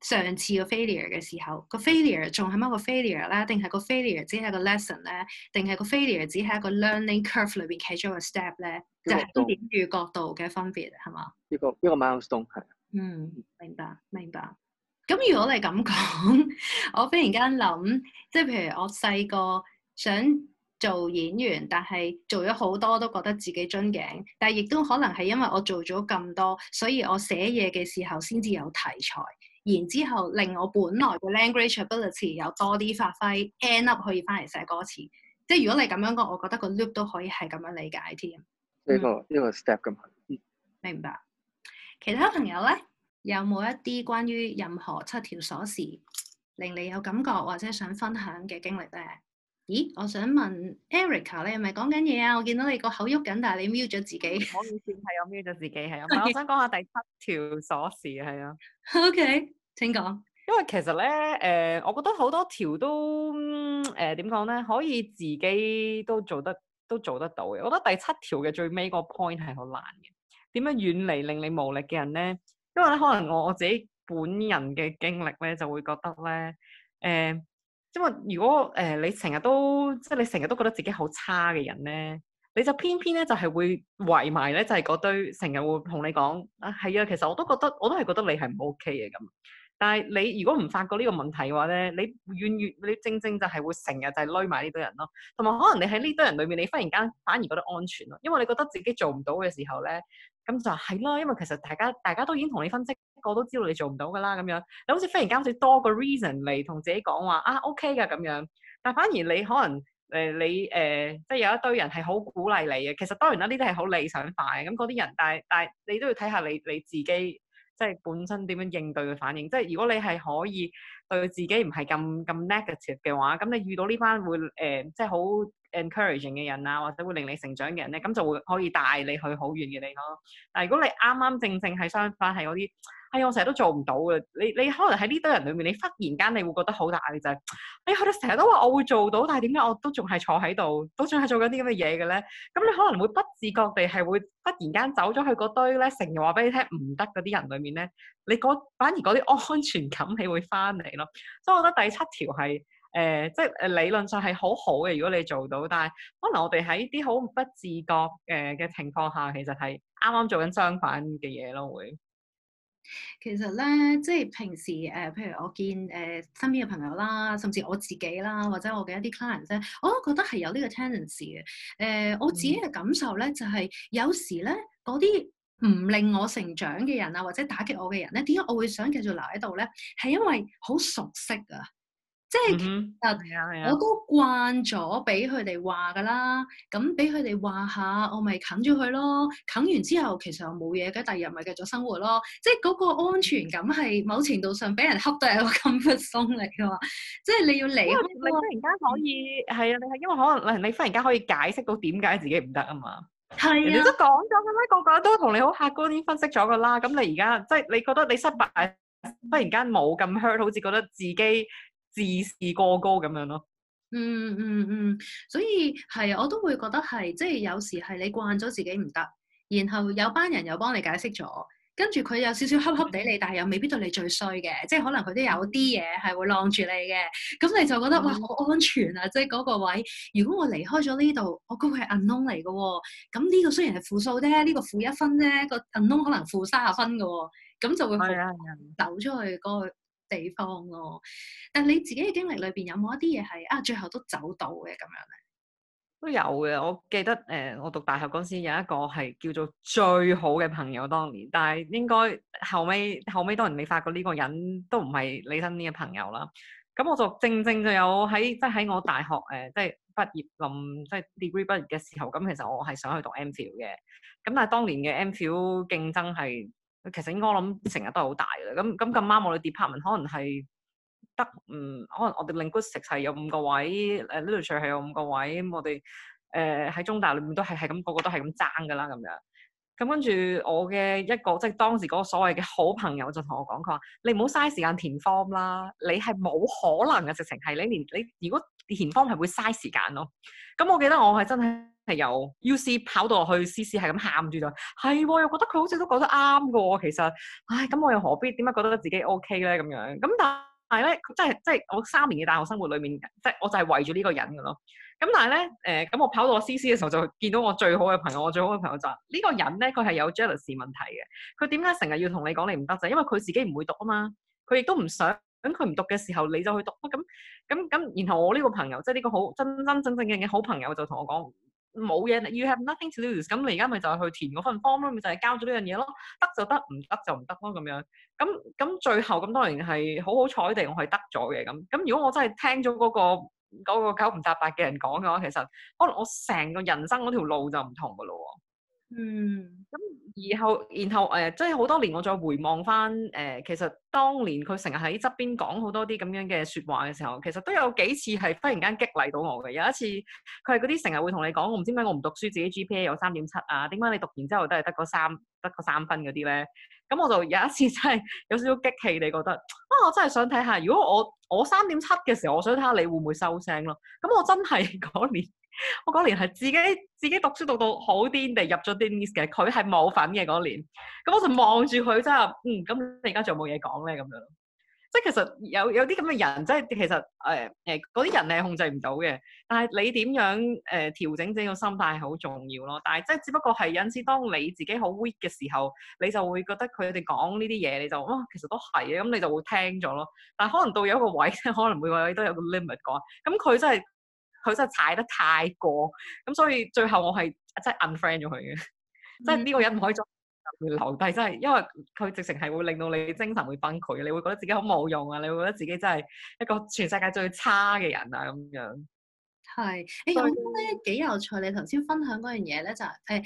上次個 failure 嘅時候，個 failure 仲係乜？個 failure 咧？定係個 failure 只係個 lesson 咧？定係個 failure 只係一個 learning curve 裏邊 c a t 咗個 step 咧？這個、就係觀點與角度嘅分別係嘛？呢、這個呢吧、這個 m i l 嗯，明白明白。咁如果你咁講， [LAUGHS] 我忽然間諗，即係譬如我細個想做演員，但係做咗好多都覺得自己樽頸，但係亦都可能係因為我做咗咁多，所以我寫嘢嘅時候先至有題材。然之後令我本來嘅 language ability 有多啲發揮，end up 可以翻嚟寫歌詞。即係如果你咁樣講，我覺得個 loop 都可以係咁樣理解添。呢個呢個 step 噶嘛。嗯，明白。其他朋友咧，有冇一啲關於任何七條鎖匙令你有感覺或者想分享嘅經歷咧？咦，我想問 Erica，你係咪講緊嘢啊？我見到你個口喐緊，但係你 mute 咗自己。我以前係有 mute 咗自己，係，啊，Okay. 我想講下第七條鎖匙係啊。OK。請講，因為其實咧，誒、呃，我覺得好多條都，誒、嗯，點講咧，可以自己都做得，都做得到嘅。我覺得第七條嘅最尾個 point 係好難嘅，點樣遠離令你無力嘅人咧？因為咧，可能我我自己本人嘅經歷咧，就會覺得咧，誒、呃，因為如果誒、呃、你成日都，即、就、係、是、你成日都覺得自己好差嘅人咧，你就偏偏咧就係會圍埋咧，就係嗰堆成日會同、就是、你講，係啊，啊，其實我都覺得，我都係覺得你係唔 OK 嘅咁。但係你如果唔發覺呢個問題嘅話咧，你遠遠你正正就係會成日就係攆埋呢堆人咯，同埋可能你喺呢堆人裏面，你忽然間反而覺得安全咯，因為你覺得自己做唔到嘅時候咧，咁就係咯，因為其實大家大家都已經同你分析過，個都知道你做唔到噶啦咁樣，你好似忽然間好似多個 reason 嚟同自己講話啊 OK 噶咁樣，但反而你可能誒、呃、你誒即係有一堆人係好鼓勵你嘅，其實當然啦呢啲係好理想化嘅，咁嗰啲人，但係但係你都要睇下你你自己。即係本身點樣應對嘅反應，即係如果你係可以對自己唔係咁咁 negative 嘅話，咁你遇到呢班會誒、呃、即係好 encouraging 嘅人啊，或者會令你成長嘅人咧，咁就會可以帶你去好遠嘅地方。但係如果你啱啱正正係相反係嗰啲。係、哎，我成日都做唔到嘅。你你可能喺呢堆人裏面，你忽然間你會覺得好大壓力就係、是，係、哎、啊，佢哋成日都話我會做到，但係點解我都仲係坐喺度，都仲係做緊啲咁嘅嘢嘅咧？咁你可能會不自覺地係會，忽然間走咗去嗰堆咧，成日話俾你聽唔得嗰啲人裏面咧，你反而嗰啲安全感你會翻嚟咯。所以我覺得第七條係誒，即、呃、係、就是、理論上係好好嘅，如果你做到，但係可能我哋喺啲好不自覺誒嘅情況下，其實係啱啱做緊相反嘅嘢咯，會。其實咧，即係平時誒、呃，譬如我見誒、呃、身邊嘅朋友啦，甚至我自己啦，或者我嘅一啲 clients 咧，我都覺得係有呢個 tendency 嘅。誒、呃，我自己嘅感受咧，就係、是、有時咧，嗰啲唔令我成長嘅人啊，或者打擊我嘅人咧，點解我會想繼續留喺度咧？係因為好熟悉啊。即係，其實我都慣咗俾佢哋話噶啦。咁俾佢哋話下，我咪啃住佢咯。啃完之後，其實我冇嘢，嘅，第二日咪繼續生活咯。即係嗰個安全感係某程度上俾人恰都係一個 comfort zone 嚟嘅嘛。即係你要嚟，你忽然間可以，係啊、嗯，你係因為可能你忽然間可以解釋到點解自己唔得是啊嘛。係啊，都講咗嘅啦，個個都同你好客觀分析咗嘅啦。咁你而家即係你覺得你失敗，忽然間冇咁 hurt，好似覺得自己。自視過高咁樣咯。嗯嗯嗯，所以係啊，我都會覺得係，即係有時係你慣咗自己唔得，然後有班人又幫你解釋咗，跟住佢有少少恰恰地你，但係又未必到你最衰嘅，即係可能佢都有啲嘢係會晾住你嘅，咁你就覺得、嗯、哇好安全啊！即係嗰個位，如果我離開咗呢度，我估佢係銀窿嚟嘅，咁呢個雖然係負數啫，呢、這個負一分啫，那個銀窿可能負三十分嘅、哦，咁就會、嗯、走出去嗰、那個。地方咯、哦，但係你自己嘅經歷裏邊有冇一啲嘢係啊，最後都走到嘅咁樣咧？都有嘅，我記得誒、呃，我讀大學嗰時有一個係叫做最好嘅朋友，當年，但係應該後尾後尾當然未發覺呢個人都唔係你身邊嘅朋友啦。咁我就正正就有喺即係喺我大學誒，即係畢業臨即係 degree 畢業嘅時候，咁其實我係想去讀 MPhil 嘅，咁但係當年嘅 MPhil 競爭係。其實應該我諗成日都係好大嘅，咁咁咁啱我哋 department 可能係得嗯，可能我哋 linguistics 係有五個位，literature 係有五個位，咁、呃、我哋誒喺中大裏面都係係咁，個個都係咁爭㗎啦咁樣。咁跟住我嘅一個即係、就是、當時嗰個所謂嘅好朋友就同我講佢話：你唔好嘥時間填 form 啦，你係冇可能嘅，直情係你連你如果填 form 係會嘥時間咯。咁我記得我係真係。係由 U C 跑到去 C C，係咁喊住就係，又覺得佢好似都講得啱嘅喎。其實，唉，咁我又何必點解覺得自己 O K 咧？咁樣咁，但係咧，即係即係我三年嘅大學生活裏面，即係我就係圍住呢個人嘅咯。咁但係咧，誒、呃，咁我跑到我 C C 嘅時候，就見到我最好嘅朋友，我最好嘅朋友就呢個人咧，佢係有 jealous 問題嘅。佢點解成日要同你講你唔得啫？因為佢自己唔會讀啊嘛。佢亦都唔想，咁佢唔讀嘅時候你就去讀，咁咁咁。然後我呢個朋友，即係呢個好真真正正嘅好朋友就，就同我講。冇嘢，You have nothing to lose。咁你而家咪就係去填嗰份 form 咯，咪就係交咗呢樣嘢咯。得就得，唔得就唔得咯咁樣。咁咁最後咁多年係好好彩地我，我係得咗嘅咁。咁如果我真係聽咗嗰、嗰個嗰個九唔搭八嘅人講嘅話，其實可能我成個人生嗰條路就唔同噶咯喎。嗯，咁然後然後誒，即係好多年我再回望翻誒、呃，其實當年佢成日喺側邊講好多啲咁樣嘅說話嘅時候，其實都有幾次係忽然間激勵到我嘅。有一次，佢係嗰啲成日會同你講，我唔知點解我唔讀書，自己 GPA 有三點七啊，點解你讀完之後都係得個三得個三分嗰啲咧？咁我就有一次真係有少少激氣，你覺得啊，我真係想睇下，如果我我三點七嘅時候，我想睇下你會唔會收聲咯？咁我真係嗰年。我嗰年係自己自己讀書讀到好癲地入咗啲 miss 嘅，佢係冇份嘅嗰年，咁我就望住佢真係，嗯，咁你而家仲有冇嘢講咧咁樣。即係其實有有啲咁嘅人，即係其實誒誒嗰啲人你係控制唔到嘅，但係你點樣誒調、呃、整自己心態係好重要咯。但係即係只不過係有陣時當你自己好 weak 嘅時候，你就會覺得佢哋講呢啲嘢，你就哇、哦、其實都係嘅，咁、嗯、你就會聽咗咯。但係可能到有一個位咧，可能每個位都有個 limit 講，咁佢真係。佢真係踩得太過，咁所以最後我係真係 unfriend 咗佢嘅，嗯、即係呢個人唔可以再留低，真係，因為佢直情係會令到你精神會崩潰，你會覺得自己好冇用啊，你會覺得自己真係一個全世界最差嘅人啊咁樣。係，誒、欸，我覺得幾有趣，你頭先分享嗰樣嘢咧就係、係欸，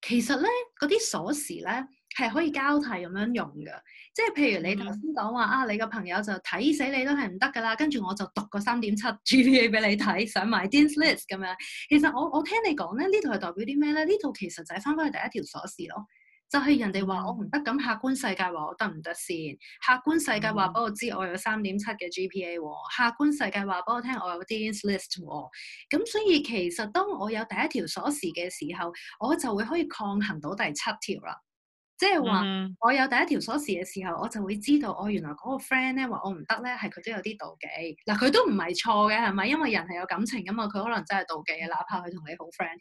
其實咧嗰啲鎖匙咧。係可以交替咁樣用噶即係譬如你頭先講話啊，你個朋友就睇死你都係唔得噶啦，跟住我就讀個三點七 GPA 俾你睇，想買 Dean's List 咁樣。其實我我聽你講咧，呢套係代表啲咩咧？呢套其實就係翻翻去第一條鎖匙咯，就係、是、人哋話我唔得，咁客觀世界話我得唔得先？客觀世界話俾我知我有三點七嘅 GPA，客觀世界話俾我聽我有 Dean's List。咁所以其實當我有第一條鎖匙嘅時候，我就會可以抗衡到第七條啦。即係話，我有第一條鎖匙嘅時候，我就會知道，我、哦、原來嗰個 friend 咧話我唔得咧，係佢都有啲妒忌。嗱、呃，佢都唔係錯嘅，係咪？因為人係有感情噶嘛，佢可能真係妒忌嘅，哪怕佢同你好 friend。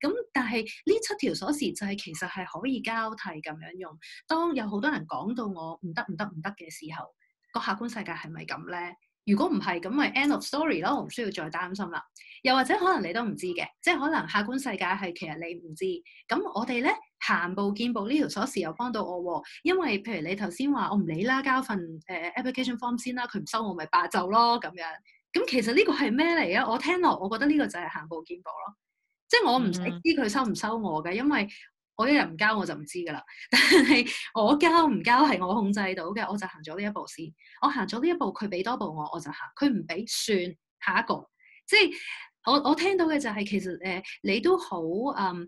咁、嗯、但係呢七條鎖匙就係、是、其實係可以交替咁樣用。當有好多人講到我唔得唔得唔得嘅時候，個客觀世界係咪咁咧？如果唔係，咁咪 end of story 咯，我唔需要再擔心啦。又或者可能你都唔知嘅，即係可能客觀世界係其實你唔知。咁我哋咧。行步見步呢條鎖匙又幫到我，因為譬如你頭先話我唔理啦，交份誒、呃、application form 先啦，佢唔收我咪罷就咯咁樣。咁、嗯、其實呢個係咩嚟啊？我聽落我覺得呢個就係行步見步咯，即、就、係、是、我唔識知佢收唔收我嘅，因為我一日唔交我就唔知噶啦。但係我交唔交係我控制到嘅，我就行咗呢一步先。我行咗呢一步，佢俾多步我，我就行；佢唔俾算下一個。即、就、係、是、我我聽到嘅就係、是、其實誒、呃，你都好嗯。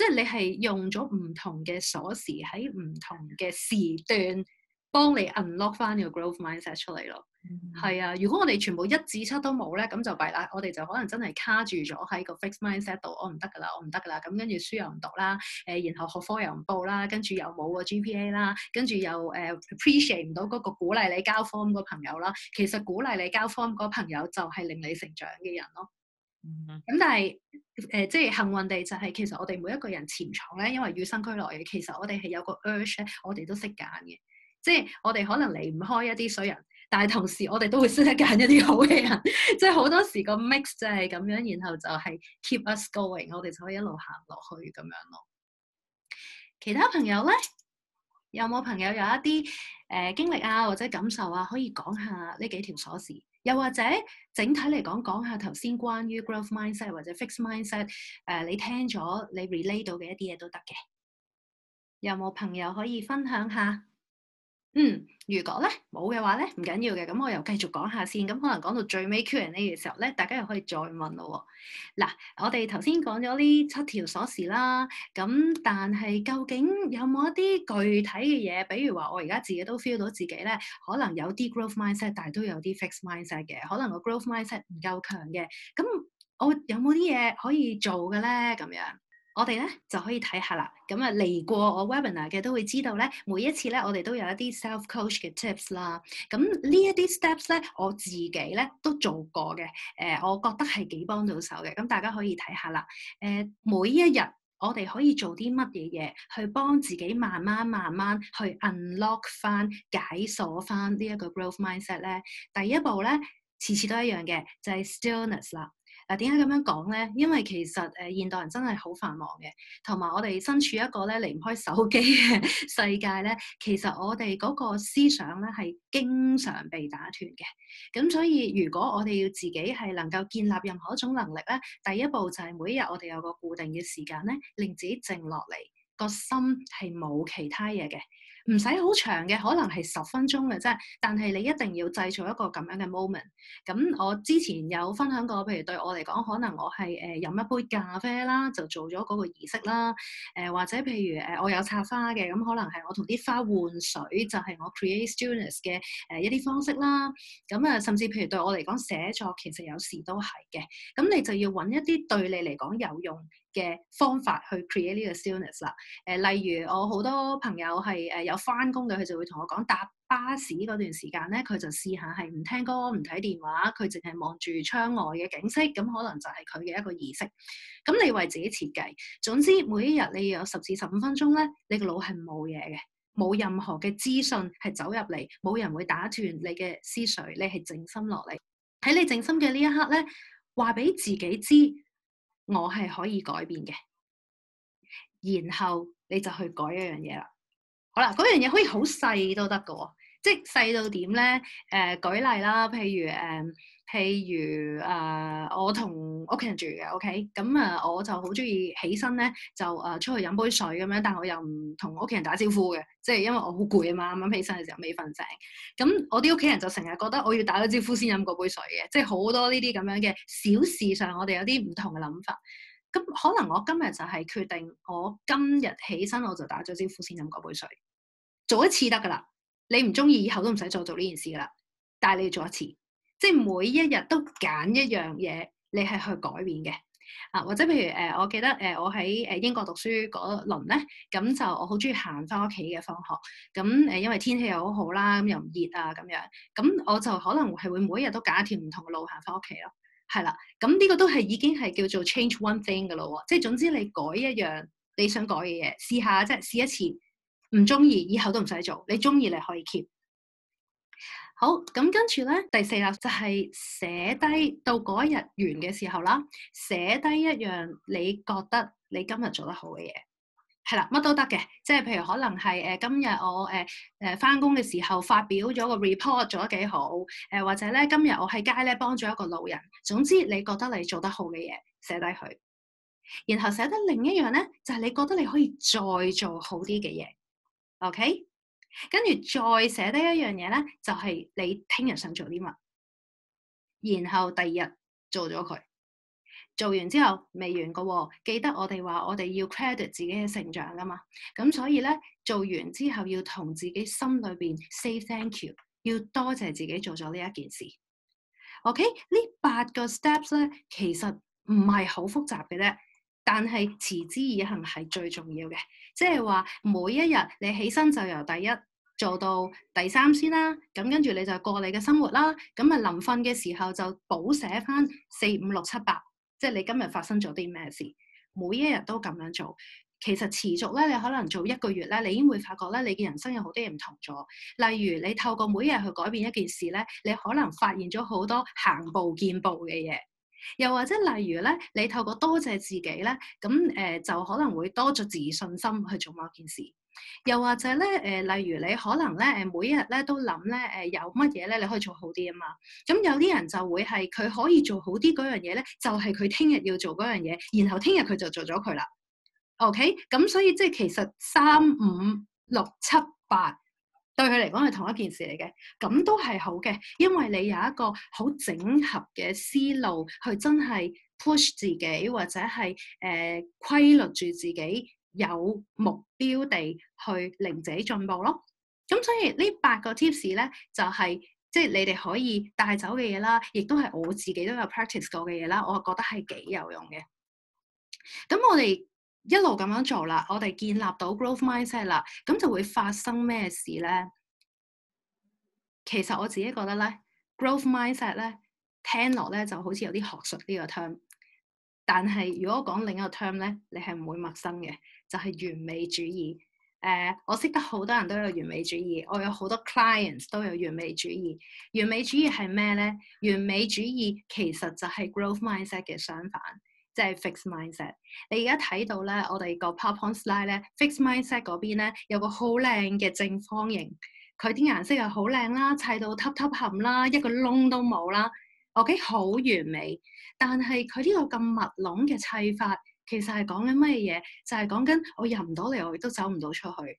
即係你係用咗唔同嘅鎖匙喺唔同嘅時段幫你 unlock 翻你個 growth mindset 出嚟咯。係、mm hmm. 啊，如果我哋全部一至七都冇咧，咁就弊啦。我哋就可能真係卡住咗喺個 fixed mindset 度，我唔得噶啦，我唔得噶啦。咁跟住書又唔讀啦，誒，然後學科又唔報啦，跟住又冇個 GPA 啦，跟住又誒 appreciate 唔到嗰個鼓勵你交 Form 個朋友啦。其實鼓勵你交 Form 個朋友就係令你成長嘅人咯。咁、嗯、但係誒、呃，即係幸運地就係、是，其實我哋每一個人潛藏咧，因為與生俱來嘅，其實我哋係有個 urge、er、咧，我哋都識揀嘅。即係我哋可能離唔開一啲衰人，但係同時我哋都會識得揀一啲好嘅人。即係好多時個 mix 就係咁樣，然後就係 keep us going，我哋就可以一路行落去咁樣咯。其他朋友咧，有冇朋友有一啲誒、呃、經歷啊，或者感受啊，可以講下呢幾條鎖匙？又或者整體嚟講，講下頭先關於 growth mindset 或者 fixed mindset，誒、呃，你聽咗你 relate 到嘅一啲嘢都得嘅，有冇朋友可以分享下？嗯，如果咧冇嘅話咧，唔緊要嘅，咁我又繼續講下先，咁可能講到最尾 Q&A 嘅時候咧，大家又可以再問咯。嗱，我哋頭先講咗呢七條鎖匙啦，咁但係究竟有冇一啲具體嘅嘢？比如話我而家自己都 feel 到自己咧，可能有啲 growth mindset，但係都有啲 fixed mindset 嘅，可能個 growth mindset 唔夠強嘅，咁我有冇啲嘢可以做嘅咧？咁樣？我哋咧就可以睇下啦，咁啊嚟過我 webinar 嘅都會知道咧，每一次咧我哋都有一啲 self coach 嘅 tips 啦。咁呢一啲 steps 咧，我自己咧都做過嘅，誒，我覺得係幾幫到手嘅。咁大家可以睇下啦。誒，每一日我哋可以做啲乜嘢嘢去幫自己慢慢慢慢去 unlock 翻解鎖翻呢一個 growth mindset 咧？第一步咧，次次都一樣嘅，就係 stillness 啦。嗱，點解咁樣講咧？因為其實誒現代人真係好繁忙嘅，同埋我哋身處一個咧離唔開手機嘅世界咧。其實我哋嗰個思想咧係經常被打斷嘅。咁所以如果我哋要自己係能夠建立任何一種能力咧，第一步就係每一日我哋有個固定嘅時間咧，令自己靜落嚟，個心係冇其他嘢嘅。唔使好長嘅，可能係十分鐘嘅啫。但係你一定要製造一個咁樣嘅 moment。咁我之前有分享過，譬如對我嚟講可能我係誒飲一杯咖啡啦，就做咗嗰個儀式啦。誒、呃、或者譬如誒、呃、我有插花嘅，咁可能係我同啲花換水，就係、是、我 create stillness 嘅誒、呃、一啲方式啦。咁、呃、啊，甚至譬如對我嚟講寫作其實有時都係嘅。咁你就要揾一啲對你嚟講有用嘅方法去 create 呢個 stillness 啦。誒、呃、例如我好多朋友係誒有。呃翻工嘅佢就會同我講搭巴士嗰段時間咧，佢就試下係唔聽歌唔睇電話，佢淨係望住窗外嘅景色，咁可能就係佢嘅一個儀式。咁你要為自己設計。總之每一日你有十至十五分鐘咧，你個腦係冇嘢嘅，冇任何嘅資訊係走入嚟，冇人會打斷你嘅思緒，你係靜心落嚟。喺你靜心嘅呢一刻咧，話俾自己知我係可以改變嘅，然後你就去改一樣嘢啦。好啦，嗰樣嘢可以好細都得㗎喎，即係細到點咧？誒、呃，舉例啦，譬如誒、呃，譬如啊、呃，我同屋企人住嘅，OK，咁啊，我就好鍾意起身咧，就誒出去飲杯水咁樣，但我又唔同屋企人打招呼嘅，即係因為我好攰啊嘛，啱啱起身嘅時候未瞓醒，咁我啲屋企人就成日覺得我要打咗招呼先飲嗰杯水嘅，即係好多呢啲咁樣嘅小事上，我哋有啲唔同嘅諗法。咁可能我今日就係決定，我今日起身我就打咗招呼先飲嗰杯水，做一次得噶啦。你唔中意，以後都唔使再做呢件事噶啦。但係你要做一次，即係每一日都揀一樣嘢，你係去改變嘅啊。或者譬如誒、呃，我記得誒、呃，我喺誒英國讀書嗰輪咧，咁就我好中意行翻屋企嘅放學。咁誒、呃，因為天氣好又好好啦，咁又唔熱啊，咁樣。咁我就可能係會每一日都揀一條唔同嘅路行翻屋企咯。係啦，咁呢、嗯，這個都係已經係叫做 change one thing 噶咯喎，即係總之你改一樣你想改嘅嘢，試下即係試一次，唔中意，以後都唔使做，你中意你可以 keep。好，咁跟住咧第四啦，就係、是、寫低到嗰一日完嘅時候啦，寫低一樣你覺得你今日做得好嘅嘢。係啦，乜都得嘅，即係譬如可能係誒今日我誒誒翻工嘅時候發表咗個 report，做得幾好誒，或者咧今日我喺街咧幫咗一個老人，總之你覺得你做得好嘅嘢寫低佢，然後寫低另一樣咧就係你覺得你可以再做好啲嘅嘢，OK？跟住再寫低一樣嘢咧，就係你聽日想做啲乜，然後第二日做咗佢。做完之後未完噶喎、哦，記得我哋話我哋要 credit 自己嘅成長噶嘛，咁所以咧做完之後要同自己心裏邊 say thank you，要多謝自己做咗呢一件事。OK，呢八個 steps 咧其實唔係好複雜嘅啫，但係持之以恒係最重要嘅，即係話每一日你起身就由第一做到第三先啦，咁跟住你就過你嘅生活啦，咁啊臨瞓嘅時候就補寫翻四五六七八。即係你今日發生咗啲咩事？每一日都咁樣做，其實持續咧，你可能做一個月咧，你已經會發覺咧，你嘅人生有好多嘢唔同咗。例如你透過每日去改變一件事咧，你可能發現咗好多行步見步嘅嘢，又或者例如咧，你透過多謝自己咧，咁誒、呃、就可能會多咗自信心去做某件事。又或者咧，誒、呃，例如你可能咧，誒、呃，每一日咧都諗咧，誒、呃，有乜嘢咧，你可以做好啲啊嘛。咁有啲人就會係佢可以做好啲嗰樣嘢咧，就係佢聽日要做嗰樣嘢，然後聽日佢就做咗佢啦。OK，咁所以即係其實三五六七八對佢嚟講係同一件事嚟嘅，咁都係好嘅，因為你有一個好整合嘅思路去真係 push 自己或者係誒規律住自己。有目標地去令自己進步咯。咁所以呢八個 tips 咧，就係、是、即係你哋可以帶走嘅嘢啦，亦都係我自己都有 practice 過嘅嘢啦，我覺得係幾有用嘅。咁我哋一路咁樣做啦，我哋建立到 growth mindset 啦，咁就會發生咩事咧？其實我自己覺得咧，growth mindset 咧，聽落咧就好似有啲學術呢個 term，但係如果講另一個 term 咧，你係唔會陌生嘅。就係完美主義。誒、呃，我識得好多人都有完美主義，我有好多 clients 都有完美主義。完美主義係咩咧？完美主義其實就係 growth mindset 嘅相反，即係 fix mindset。你而家睇到咧，我哋個 PowerPoint slide 咧，fix mindset 嗰邊咧有個好靚嘅正方形，佢啲顏色又好靚啦，砌到凸凸冚啦，一個窿都冇啦，我覺得好完美。但係佢呢個咁密籠嘅砌法。其實係講緊乜嘢？就係講緊我入唔到嚟，我亦都走唔到出去。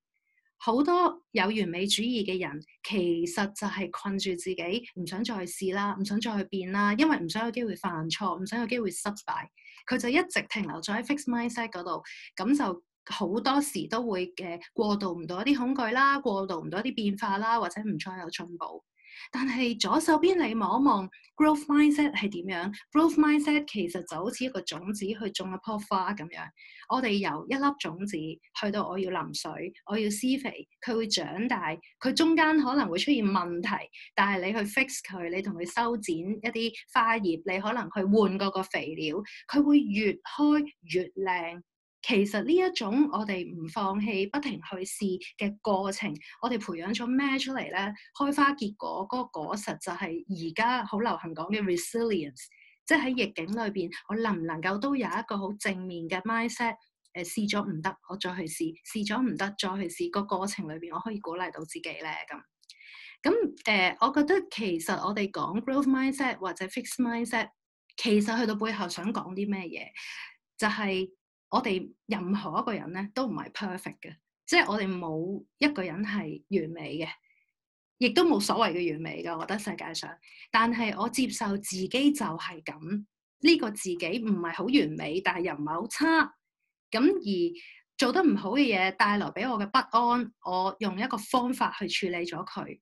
好多有完美主義嘅人，其實就係困住自己，唔想再試啦，唔想再去變啦，因為唔想有機會犯錯，唔想有機會失敗。佢就一直停留咗喺 fixed mindset 嗰度，咁就好多時都會嘅過渡唔到一啲恐懼啦，過渡唔到一啲變化啦，或者唔再有進步。但係左手邊你望一望 Growth Mindset 係點樣？Growth Mindset 其實就好似一個種子去種一棵花咁樣。我哋由一粒種子去到我要淋水，我要施肥，佢會長大。佢中間可能會出現問題，但係你去 fix 佢，你同佢修剪一啲花葉，你可能去換嗰個肥料，佢會越開越靚。其實呢一種我哋唔放棄、不停去試嘅過程，我哋培養咗咩出嚟咧？開花結果嗰個果實就係而家好流行講嘅 resilience，即係喺逆境裏邊，我能唔能夠都有一個好正面嘅 mindset？誒，試咗唔得，我再去試；試咗唔得，再去試。個過程裏邊，我可以鼓勵到自己咧。咁咁誒，我覺得其實我哋講 growth mindset 或者 fix mindset，其實去到背後想講啲咩嘢，就係。我哋任何一個人咧都唔係 perfect 嘅，即係我哋冇一個人係完美嘅，亦都冇所謂嘅完美嘅。我覺得世界上，但係我接受自己就係咁，呢個自己唔係好完美，但係又唔係好差。咁而做得唔好嘅嘢帶來俾我嘅不安，我用一個方法去處理咗佢，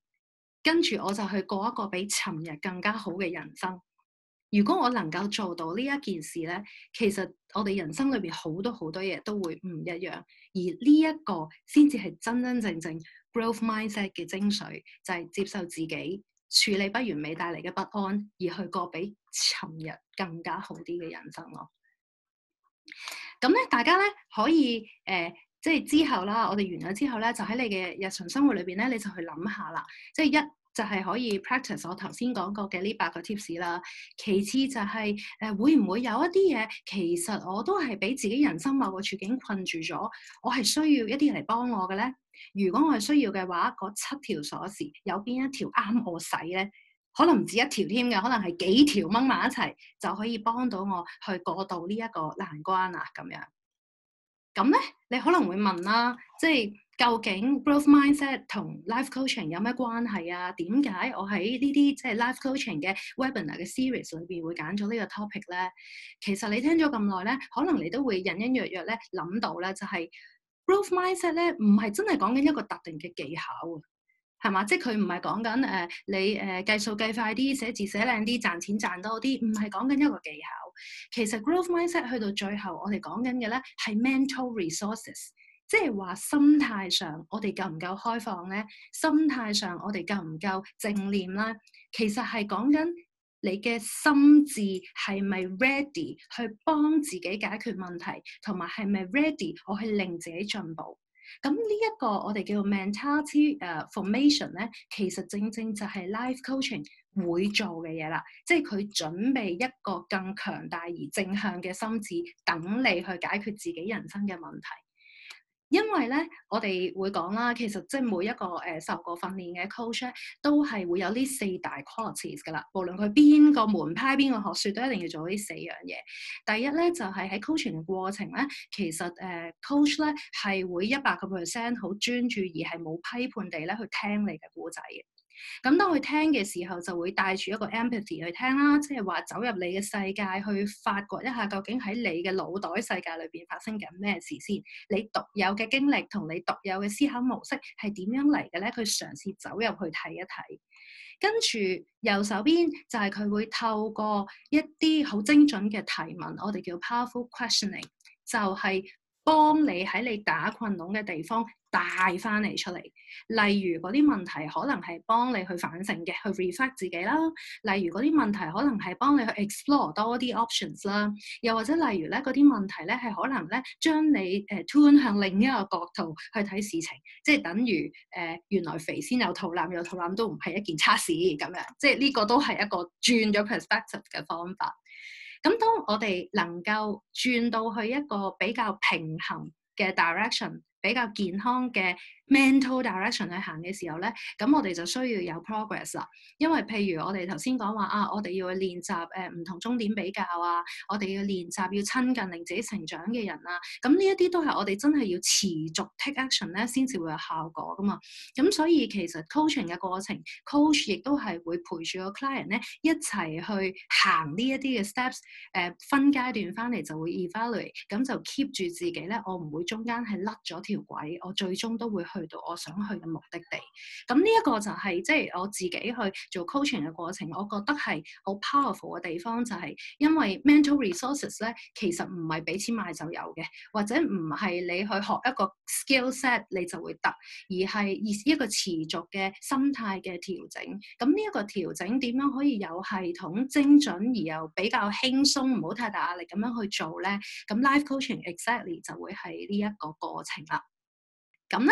跟住我就去過一個比尋日更加好嘅人生。如果我能夠做到呢一件事咧，其實我哋人生裏邊好多好多嘢都會唔一樣，而呢一個先至係真真正正 Growth Mindset 嘅精髓，就係、是、接受自己處理不完美帶嚟嘅不安，而去過比尋日更加好啲嘅人生咯。咁咧，大家咧可以誒、呃，即係之後啦，我哋完咗之後咧，就喺你嘅日常生活裏邊咧，你就去諗下啦，即係一。就係可以 practice 我頭先講過嘅呢八個 tips 啦。其次就係、是、誒會唔會有一啲嘢，其實我都係俾自己人生某個處境困住咗，我係需要一啲人嚟幫我嘅咧。如果我係需要嘅話，嗰七條鎖匙有邊一條啱我使咧？可能唔止一條添嘅，可能係幾條掹埋一齊就可以幫到我去過渡呢一個難關啦、啊。咁樣咁咧，你可能會問啦，即係。究竟 growth mindset 同 life coaching 有咩關係啊？點解我喺呢啲即係 life coaching 嘅 webinar 嘅 series 裏邊會揀咗呢個 topic 咧？其實你聽咗咁耐咧，可能你都會隱隱約約咧諗到咧，就係 growth mindset 咧，唔係真係講緊一個特定嘅技巧啊，係嘛？即係佢唔係講緊誒你誒、呃、計數計快啲、寫字寫靚啲、賺錢賺多啲，唔係講緊一個技巧。其實 growth mindset 去到最後，我哋講緊嘅咧係 mental resources。即係話心態上，我哋夠唔夠開放咧？心態上，我哋夠唔夠正念咧？其實係講緊你嘅心智係咪 ready 去幫自己解決問題，同埋係咪 ready 我去令自己進步？咁呢一個我哋叫做 mentality formation 咧，其實正正就係 life coaching 會做嘅嘢啦。即係佢準備一個更強大而正向嘅心智，等你去解決自己人生嘅問題。因為咧，我哋會講啦，其實即係每一個誒、呃、受過訓練嘅 coach 都係會有呢四大 qualities 噶啦，無論佢邊個門派、邊個學説，都一定要做呢四樣嘢。第一咧就係喺 coaching 嘅過程咧，其實誒、呃、coach 咧係會一百個 percent 好專注而係冇批判地咧去聽你嘅故仔嘅。咁當佢聽嘅時候，就會帶住一個 empathy 去聽啦，即係話走入你嘅世界，去發掘一下究竟喺你嘅腦袋世界裏邊發生緊咩事先，你獨有嘅經歷同你獨有嘅思考模式係點樣嚟嘅咧？佢嘗試走入去睇一睇，跟住右手邊就係佢會透過一啲好精準嘅提問，我哋叫 powerful questioning，就係、是。幫你喺你打困籠嘅地方帶翻嚟出嚟，例如嗰啲問題可能係幫你去反省嘅，去 reflect 自己啦。例如嗰啲問題可能係幫你去 explore 多啲 options 啦。又或者例如咧嗰啲問題咧係可能咧將你誒 turn 向另一個角度去睇事情，即係等於誒、呃、原來肥先有肚腩，有肚腩都唔係一件差事咁樣，即係呢、這個都係一個轉咗 perspective 嘅方法。咁當我哋能夠轉到去一個比較平衡嘅 direction，比較健康嘅，Mental direction 去行嘅時候咧，咁我哋就需要有 progress 啦。因為譬如我哋頭先講話啊，我哋要去練習誒唔同終點比較啊，我哋要練習要親近令自己成長嘅人啊，咁呢一啲都係我哋真係要持續 take action 咧，先至會有效果噶嘛。咁所以其實 coaching 嘅過程，coach 亦都係會陪住個 client 咧一齊去行呢一啲嘅 steps，呃，誒分階段翻嚟就會 evaluate，咁就 keep 住自己咧，我唔會中間係甩咗條軌，我最終都會去。去到我想去嘅目的地，咁呢一個就係即係我自己去做 coaching 嘅過程，我覺得係好 powerful 嘅地方就係因為 mental resources 咧，其實唔係俾錢買就有嘅，或者唔係你去學一個 skill set 你就會得，而係一個持續嘅心態嘅調整。咁呢一個調整點樣可以有系統、精準而又比較輕鬆，唔好太大壓力咁樣去做咧？咁 life coaching exactly 就會係呢一個過程啦。咁咧？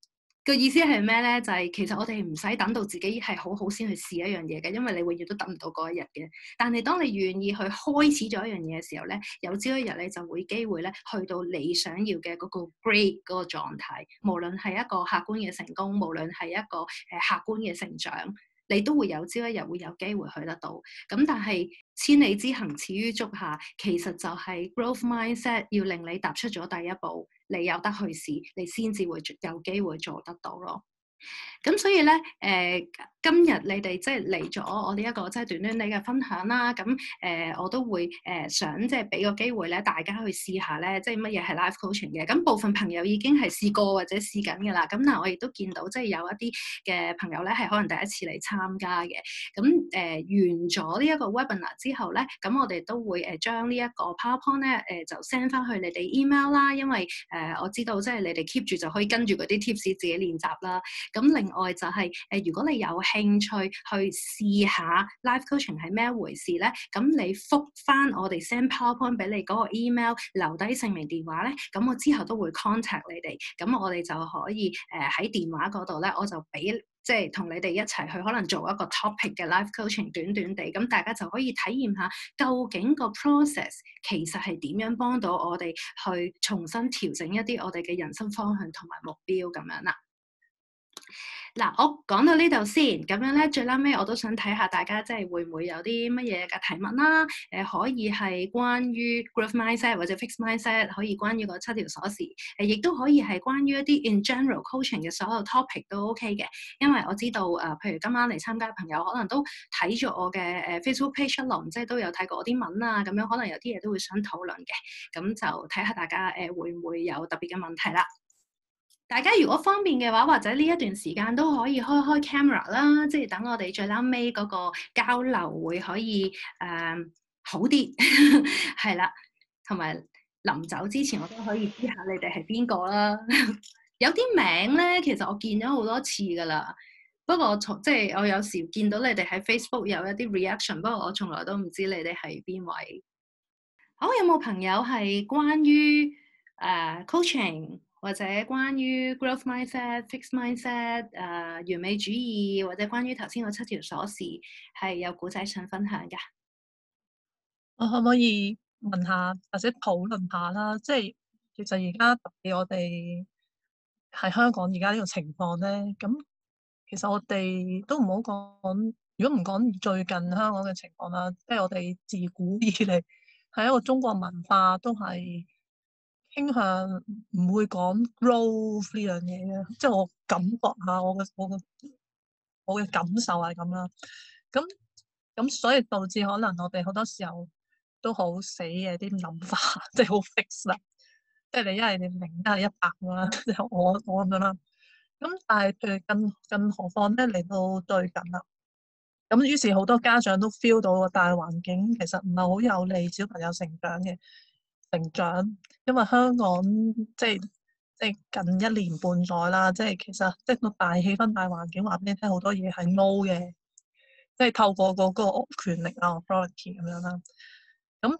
嘅意思係咩咧？就係、是、其實我哋唔使等到自己係好好先去試一樣嘢嘅，因為你永遠都等唔到嗰一日嘅。但係當你願意去開始咗一樣嘢嘅時候咧，有朝一日你就會機會咧去到你想要嘅嗰個 great 嗰個狀態。無論係一個客觀嘅成功，無論係一個誒客觀嘅成長，你都會有朝一日會有機會去得到。咁但係千里之行，始於足下。其實就係 growth mindset 要令你踏出咗第一步。你有得去試，你先至會有機會做得到咯。咁所以咧，誒、呃，今日你哋即係嚟咗我哋一個即係短短啲嘅分享啦。咁，誒、呃，我都會誒、呃、想即係俾個機會咧，大家去試下咧，即、就、係、是、乜嘢係 live coaching 嘅。咁、嗯、部分朋友已經係試過或者試緊噶啦。咁，嗱，我亦都見到即係有一啲嘅朋友咧，係可能第一次嚟參加嘅。咁，誒、呃，完咗呢一個 webinar 之後咧，咁我哋都會誒將呢一個 PowerPoint 咧，誒、呃、就 send 翻去你哋 email 啦。因為誒、呃、我知道即係你哋 keep 住就可以跟住嗰啲 tips 自己練習啦。咁另外就係誒，如果你有興趣去試下 life coaching 係咩回事咧，咁你覆返我哋 send PowerPoint 俾你嗰個 email，留低姓名電話咧，咁我之後都會 contact 你哋。咁我哋就可以誒喺、呃、電話嗰度咧，我就俾即係同你哋一齊去可能做一個 topic 嘅 life coaching，短短地，咁大家就可以體驗下究竟個 process 其實係點樣幫到我哋去重新調整一啲我哋嘅人生方向同埋目標咁樣啦。嗱，我講到呢度先，咁樣咧，最拉尾我都想睇下大家，即係會唔會有啲乜嘢嘅提問啦？誒，可以係關於 growth mindset 或者 fix mindset，可以關於嗰七條鎖匙，誒，亦都可以係關於一啲 in general coaching 嘅所有 topic 都 OK 嘅。因為我知道誒，譬如今晚嚟參加朋友，可能都睇咗我嘅誒 Facebook page long，即係都有睇過我啲文啦，咁樣可能有啲嘢都會想討論嘅。咁就睇下大家誒，會唔會有特別嘅問題啦？大家如果方便嘅話，或者呢一段時間都可以開開 camera 啦，即係等我哋最 last 尾嗰個交流會可以誒、呃、好啲，係 [LAUGHS] 啦，同埋臨走之前我都可以知下你哋係邊個啦。 [LAUGHS] 有啲名咧，其實我見咗好多次噶啦，不過我從即係我有時見到你哋喺 Facebook 有一啲 reaction，不過我從來都唔知你哋係邊位。好，有冇朋友係關於誒、呃、coaching？.或者關於 growth mindset, mindset、呃、fix mindset，誒，完美主義，或者關於頭先個七條鎖匙，係有古仔想分享嘅。我可唔可以問下，或者討論下啦？即係其實而家特別我哋係香港而家呢個情況咧，咁其實我哋都唔好講。如果唔講最近香港嘅情況啦，即係我哋自古以嚟係一個中國文化都係。傾向唔會講 growth 呢樣嘢嘅，即係我感覺下我嘅我嘅我嘅感受係咁啦。咁咁所以導致可能我哋好多時候都好死嘅啲諗法，即係好 fix 啦。即係你一係你明，得係一百咁啦，之後我我咁樣啦。咁但係譬如更更何況咧，嚟到最近啦，咁於是好多家長都 feel 到個大環境其實唔係好有利小朋友成長嘅。成長，因為香港即係即係近一年半載啦，即係其實即係個大氣氛、大環境話俾你聽，好多嘢係 no 嘅，即係透過嗰個權力啊、priority 咁樣啦。咁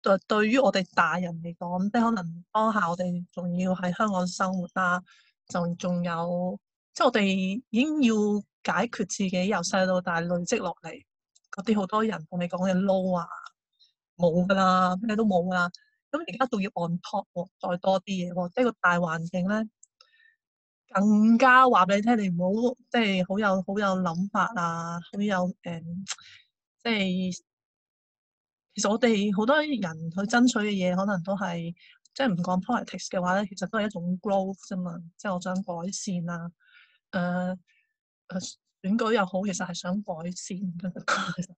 對對於我哋大人嚟講，即係可能當下我哋仲要喺香港生活啦，就仲有即係我哋已經要解決自己由細到大累積落嚟嗰啲好多人同你講嘅 no 啊，冇㗎啦，咩都冇㗎啦。咁而家仲要 on top 喎，再多啲嘢喎，即係個大環境咧，更加話俾你聽，你唔好即係好有好有諗法啊，好有誒，即係、嗯、其實我哋好多人去爭取嘅嘢，可能都係即係唔講 politics 嘅話咧，其實都係一種 growth 啫嘛，即係我想改善啊，誒、呃、誒選舉又好，其實係想改善咁， [LAUGHS]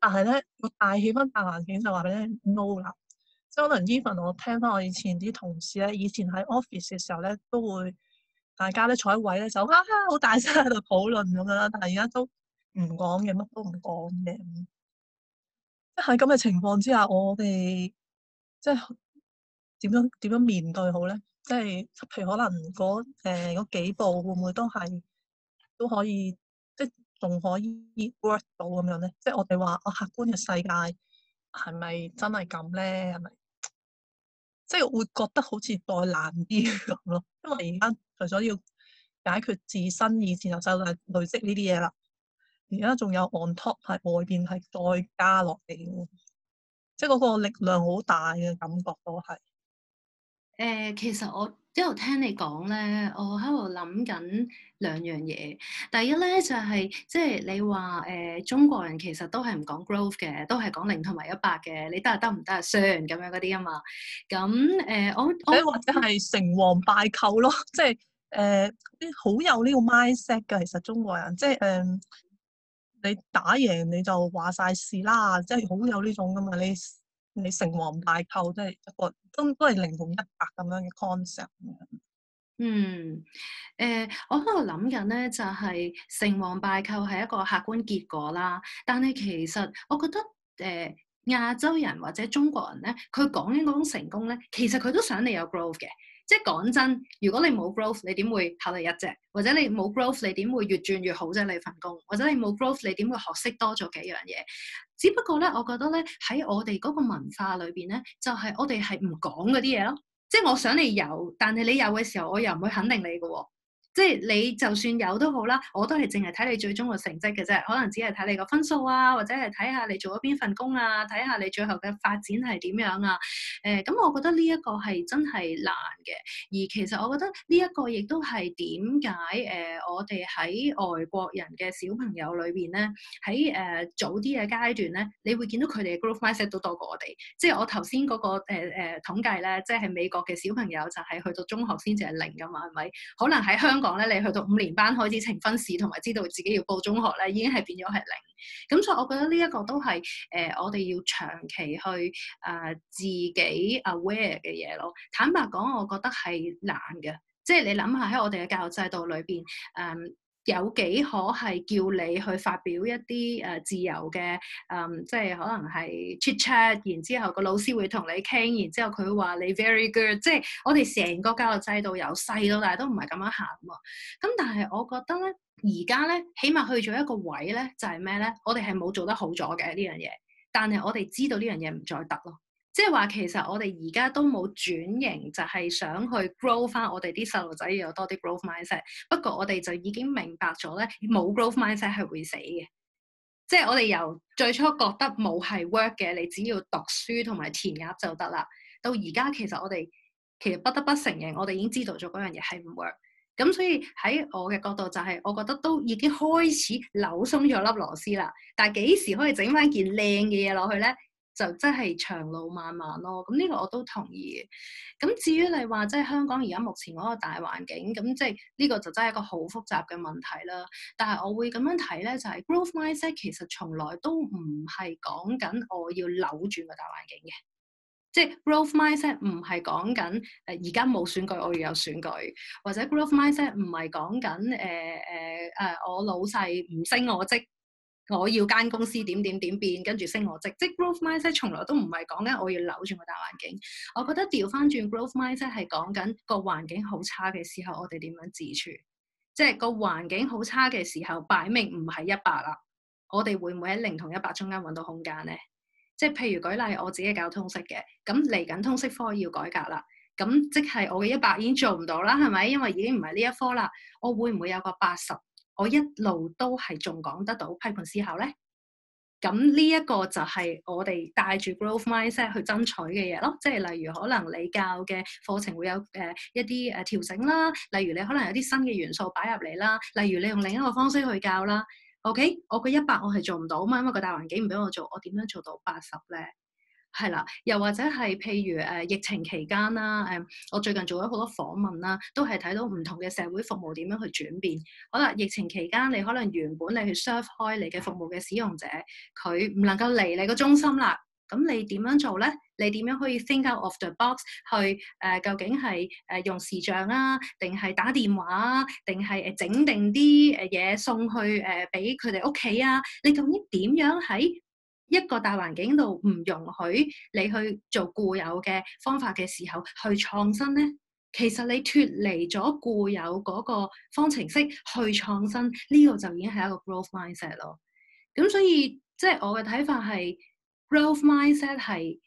但係咧，個大氣氛、大環境就話俾你聽 no 啦。可能 even 我聽翻我以前啲同事咧，以前喺 office 嘅時候咧，都會大家咧坐喺位咧就哈哈好大聲喺度討論咁樣啦。但係而家都唔講嘅，乜都唔講嘅。即係喺咁嘅情況之下，我哋即係點樣點樣面對好咧？即係譬如可能嗰誒、呃、幾步會唔會都係都可以，即係仲可以 work 到咁樣咧？即係我哋話我客觀嘅世界係咪真係咁咧？係咪？即係會覺得好似再難啲咁咯，因為而家除咗要解決自身以前留曬累積呢啲嘢啦，而家仲有 on top 係外邊係再加落嚟，即係嗰個力量好大嘅感覺都係。誒、呃，其實我一路聽你講咧，我喺度諗緊兩樣嘢。第一咧就係、是，即係你話誒，中國人其實都係唔講 growth 嘅，都係講零同埋一百嘅。你得啊得唔得算咁樣嗰啲啊嘛？咁、呃、誒，我，我或者係成王敗寇咯，即係誒，好、呃、有呢個 mindset 嘅。其實中國人即係誒，你打贏你就話晒事啦，即係好有呢種噶嘛你。你、嗯呃、成王敗寇都係一個都都係零同一百咁樣嘅 concept。嗯，誒，我喺度諗緊咧，就係成王敗寇係一個客觀結果啦。但係其實我覺得誒亞、呃、洲人或者中國人咧，佢講緊嗰種成功咧，其實佢都想你有 growth 嘅。即係講真，如果你冇 growth，你點會考第一隻？或者你冇 growth，你點會越轉越好啫？你份工，或者你冇 growth，你點會學識多咗幾樣嘢？只不過咧，我覺得咧喺我哋嗰個文化裏邊咧，就係、是、我哋係唔講嗰啲嘢咯。即係我想你有，但係你有嘅時候，我又唔會肯定你嘅喎。即係你就算有都好啦，我都係淨係睇你最終嘅成績嘅啫，可能只係睇你個分數啊，或者係睇下你做咗邊份工啊，睇下你最後嘅發展係點樣啊。誒、呃、咁、嗯、我覺得呢一個係真係難嘅。而其實我覺得呢一個亦都係點解誒我哋喺外國人嘅小朋友裏邊咧，喺誒、呃、早啲嘅階段咧，你會見到佢哋嘅 growth mindset 都多過我哋。即係我頭先嗰個誒誒、呃呃、統計咧，即係美國嘅小朋友就係去到中學先至係零㗎嘛，係咪？可能喺香。講咧，你去到五年班開始呈分試，同埋知道自己要報中學咧，已經係變咗係零。咁、嗯、所以我、呃我呃，我覺得呢一個都係誒，我哋要長期去啊自己 aware 嘅嘢咯。坦白講，我覺得係難嘅，即係你諗下喺我哋嘅教育制度裏邊，嗯。有幾可係叫你去發表一啲誒自由嘅誒、嗯，即係可能係 check check，然之後個老師會同你傾，然之後佢話你 very good，即係我哋成個教育制度由細到大都唔係咁樣行喎。咁但係我覺得咧，而家咧起碼去咗一個位咧，就係咩咧？我哋係冇做得好咗嘅呢樣嘢，但係我哋知道呢樣嘢唔再得咯。即係話，其實我哋而家都冇轉型，就係想去 grow 翻我哋啲細路仔有多啲 growth mindset。不過我哋就已經明白咗咧，冇 growth mindset 係會死嘅。即係我哋由最初覺得冇係 work 嘅，你只要讀書同埋填鴨就得啦。到而家其實我哋其實不得不承認，我哋已經知道咗嗰樣嘢係唔 work。咁所以喺我嘅角度就係，我覺得都已經開始扭鬆咗粒螺絲啦。但係幾時可以整翻件靚嘅嘢落去咧？就真係長路漫漫咯，咁呢個我都同意嘅。咁至於你話即係香港而家目前嗰個大環境，咁即係呢個就真係一個好複雜嘅問題啦。但係我會咁樣睇咧，就係 Growth Mindset 其實從來都唔係講緊我要扭轉個大環境嘅，即係 Growth Mindset 唔係講緊誒而家冇選舉我要有選舉，或者 Growth Mindset 唔係講緊誒誒誒我老細唔升我職。我要間公司點點點變，跟住升我職，即係 growth mindset 從來都唔係講緊我要扭轉個大環境。我覺得調返轉 growth mindset 係講緊個環境好差嘅時候，我哋點樣自處？即係個環境好差嘅時候，擺明唔係一百啦，我哋會唔會喺零同一百中間搵到空間咧？即係譬如舉例，我自己搞通識嘅，咁嚟緊通識科要改革啦，咁即係我嘅一百已經做唔到啦，係咪？因為已經唔係呢一科啦，我會唔會有個八十？我一路都係仲講得到批判思考咧，咁呢一個就係我哋帶住 Growth Mindset 去爭取嘅嘢咯，即係例如可能你教嘅課程會有誒、呃、一啲誒調整啦，例如你可能有啲新嘅元素擺入嚟啦，例如你用另一個方式去教啦。OK，我個一百我係做唔到啊嘛，因為個大環境唔俾我做，我點樣做到八十咧？係啦，又或者係譬如誒、呃、疫情期間啦，誒、呃、我最近做咗好多訪問啦，都係睇到唔同嘅社會服務點樣去轉變。好啦，疫情期間你可能原本你去 serve 開你嘅服務嘅使用者，佢唔能夠嚟你個中心啦，咁你點樣做咧？你點樣可以 think out of the box 去誒、呃，究竟係誒、呃、用視像啊，定係打電話啊，定係誒整定啲誒嘢送去誒俾佢哋屋企啊？你究竟點樣喺一個大環境度唔容許你去做固有嘅方法嘅時候，去創新咧，其實你脫離咗固有嗰個方程式去創新，呢個就已經係一個 growth mindset 咯。咁所以，即係我嘅睇法係 growth mindset 係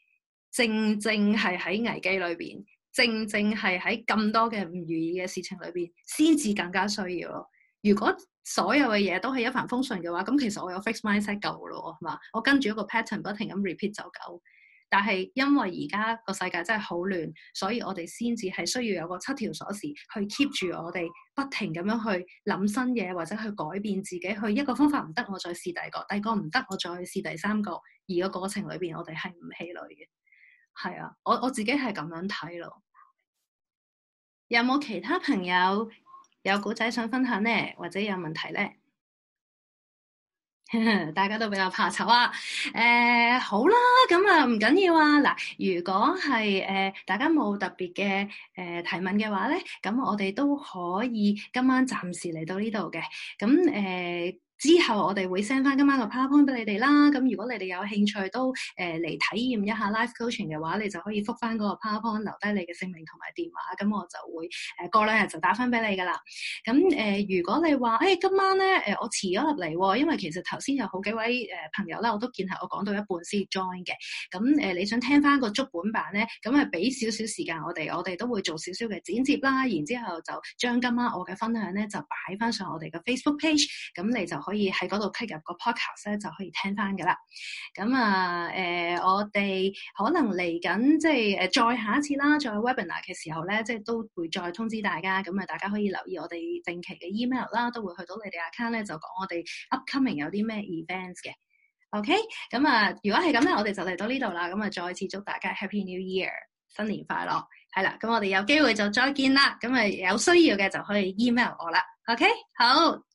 正正係喺危機裏邊，正正係喺咁多嘅唔如意嘅事情裏邊，先至更加需要咯。如果所有嘅嘢都係一帆風順嘅話，咁其實我有 fix mindset 夠咯，係嘛？我跟住一個 pattern，不停咁 repeat 就夠。但係因為而家個世界真係好亂，所以我哋先至係需要有個七條鎖匙去 keep 住我哋不停咁樣去諗新嘢，或者去改變自己，去一個方法唔得，我再試第二個，第二個唔得，我再試第三個。而個過程裏邊，我哋係唔氣餒嘅。係啊，我我自己係咁樣睇咯。有冇其他朋友？有古仔想分享咧，或者有問題咧， [LAUGHS] 大家都比較怕醜啊。誒、呃，好啦，咁啊唔緊要啊。嗱，如果係誒、呃、大家冇特別嘅誒提問嘅話咧，咁我哋都可以今晚暫時嚟到呢度嘅。咁誒。呃之後我哋會 send 翻今晚個 PowerPoint 俾你哋啦。咁如果你哋有興趣都誒嚟、呃、體驗一下 life coaching 嘅話，你就可以復翻嗰個 PowerPoint，留低你嘅姓名同埋電話。咁我就會誒、呃、過兩日就打翻俾你噶啦。咁誒、呃、如果你話誒、哎、今晚咧誒、呃、我遲咗入嚟，因為其實頭先有好幾位誒、呃、朋友啦，我都見係我講到一半先 join 嘅。咁誒、呃、你想聽翻個足本版咧，咁誒俾少少時間我哋，我哋都會做少少嘅剪接啦。然之後就將今晚我嘅分享咧就擺翻上我哋嘅 Facebook page。咁你就，可以喺嗰度 click 入個 podcast 咧，就可以聽翻嘅啦。咁啊，誒、呃，我哋可能嚟緊即係誒再下一次啦，再 webinar 嘅時候咧，即係都會再通知大家。咁啊，大家可以留意我哋定期嘅 email 啦，都會去到你哋 account 咧，就講我哋 upcoming 有啲咩 events 嘅。OK，咁啊，如果係咁咧，我哋就嚟到呢度啦。咁啊，再次祝大家 Happy New Year，新年快樂。係啦，咁我哋有機會就再見啦。咁啊，有需要嘅就可以 email 我啦。OK，好。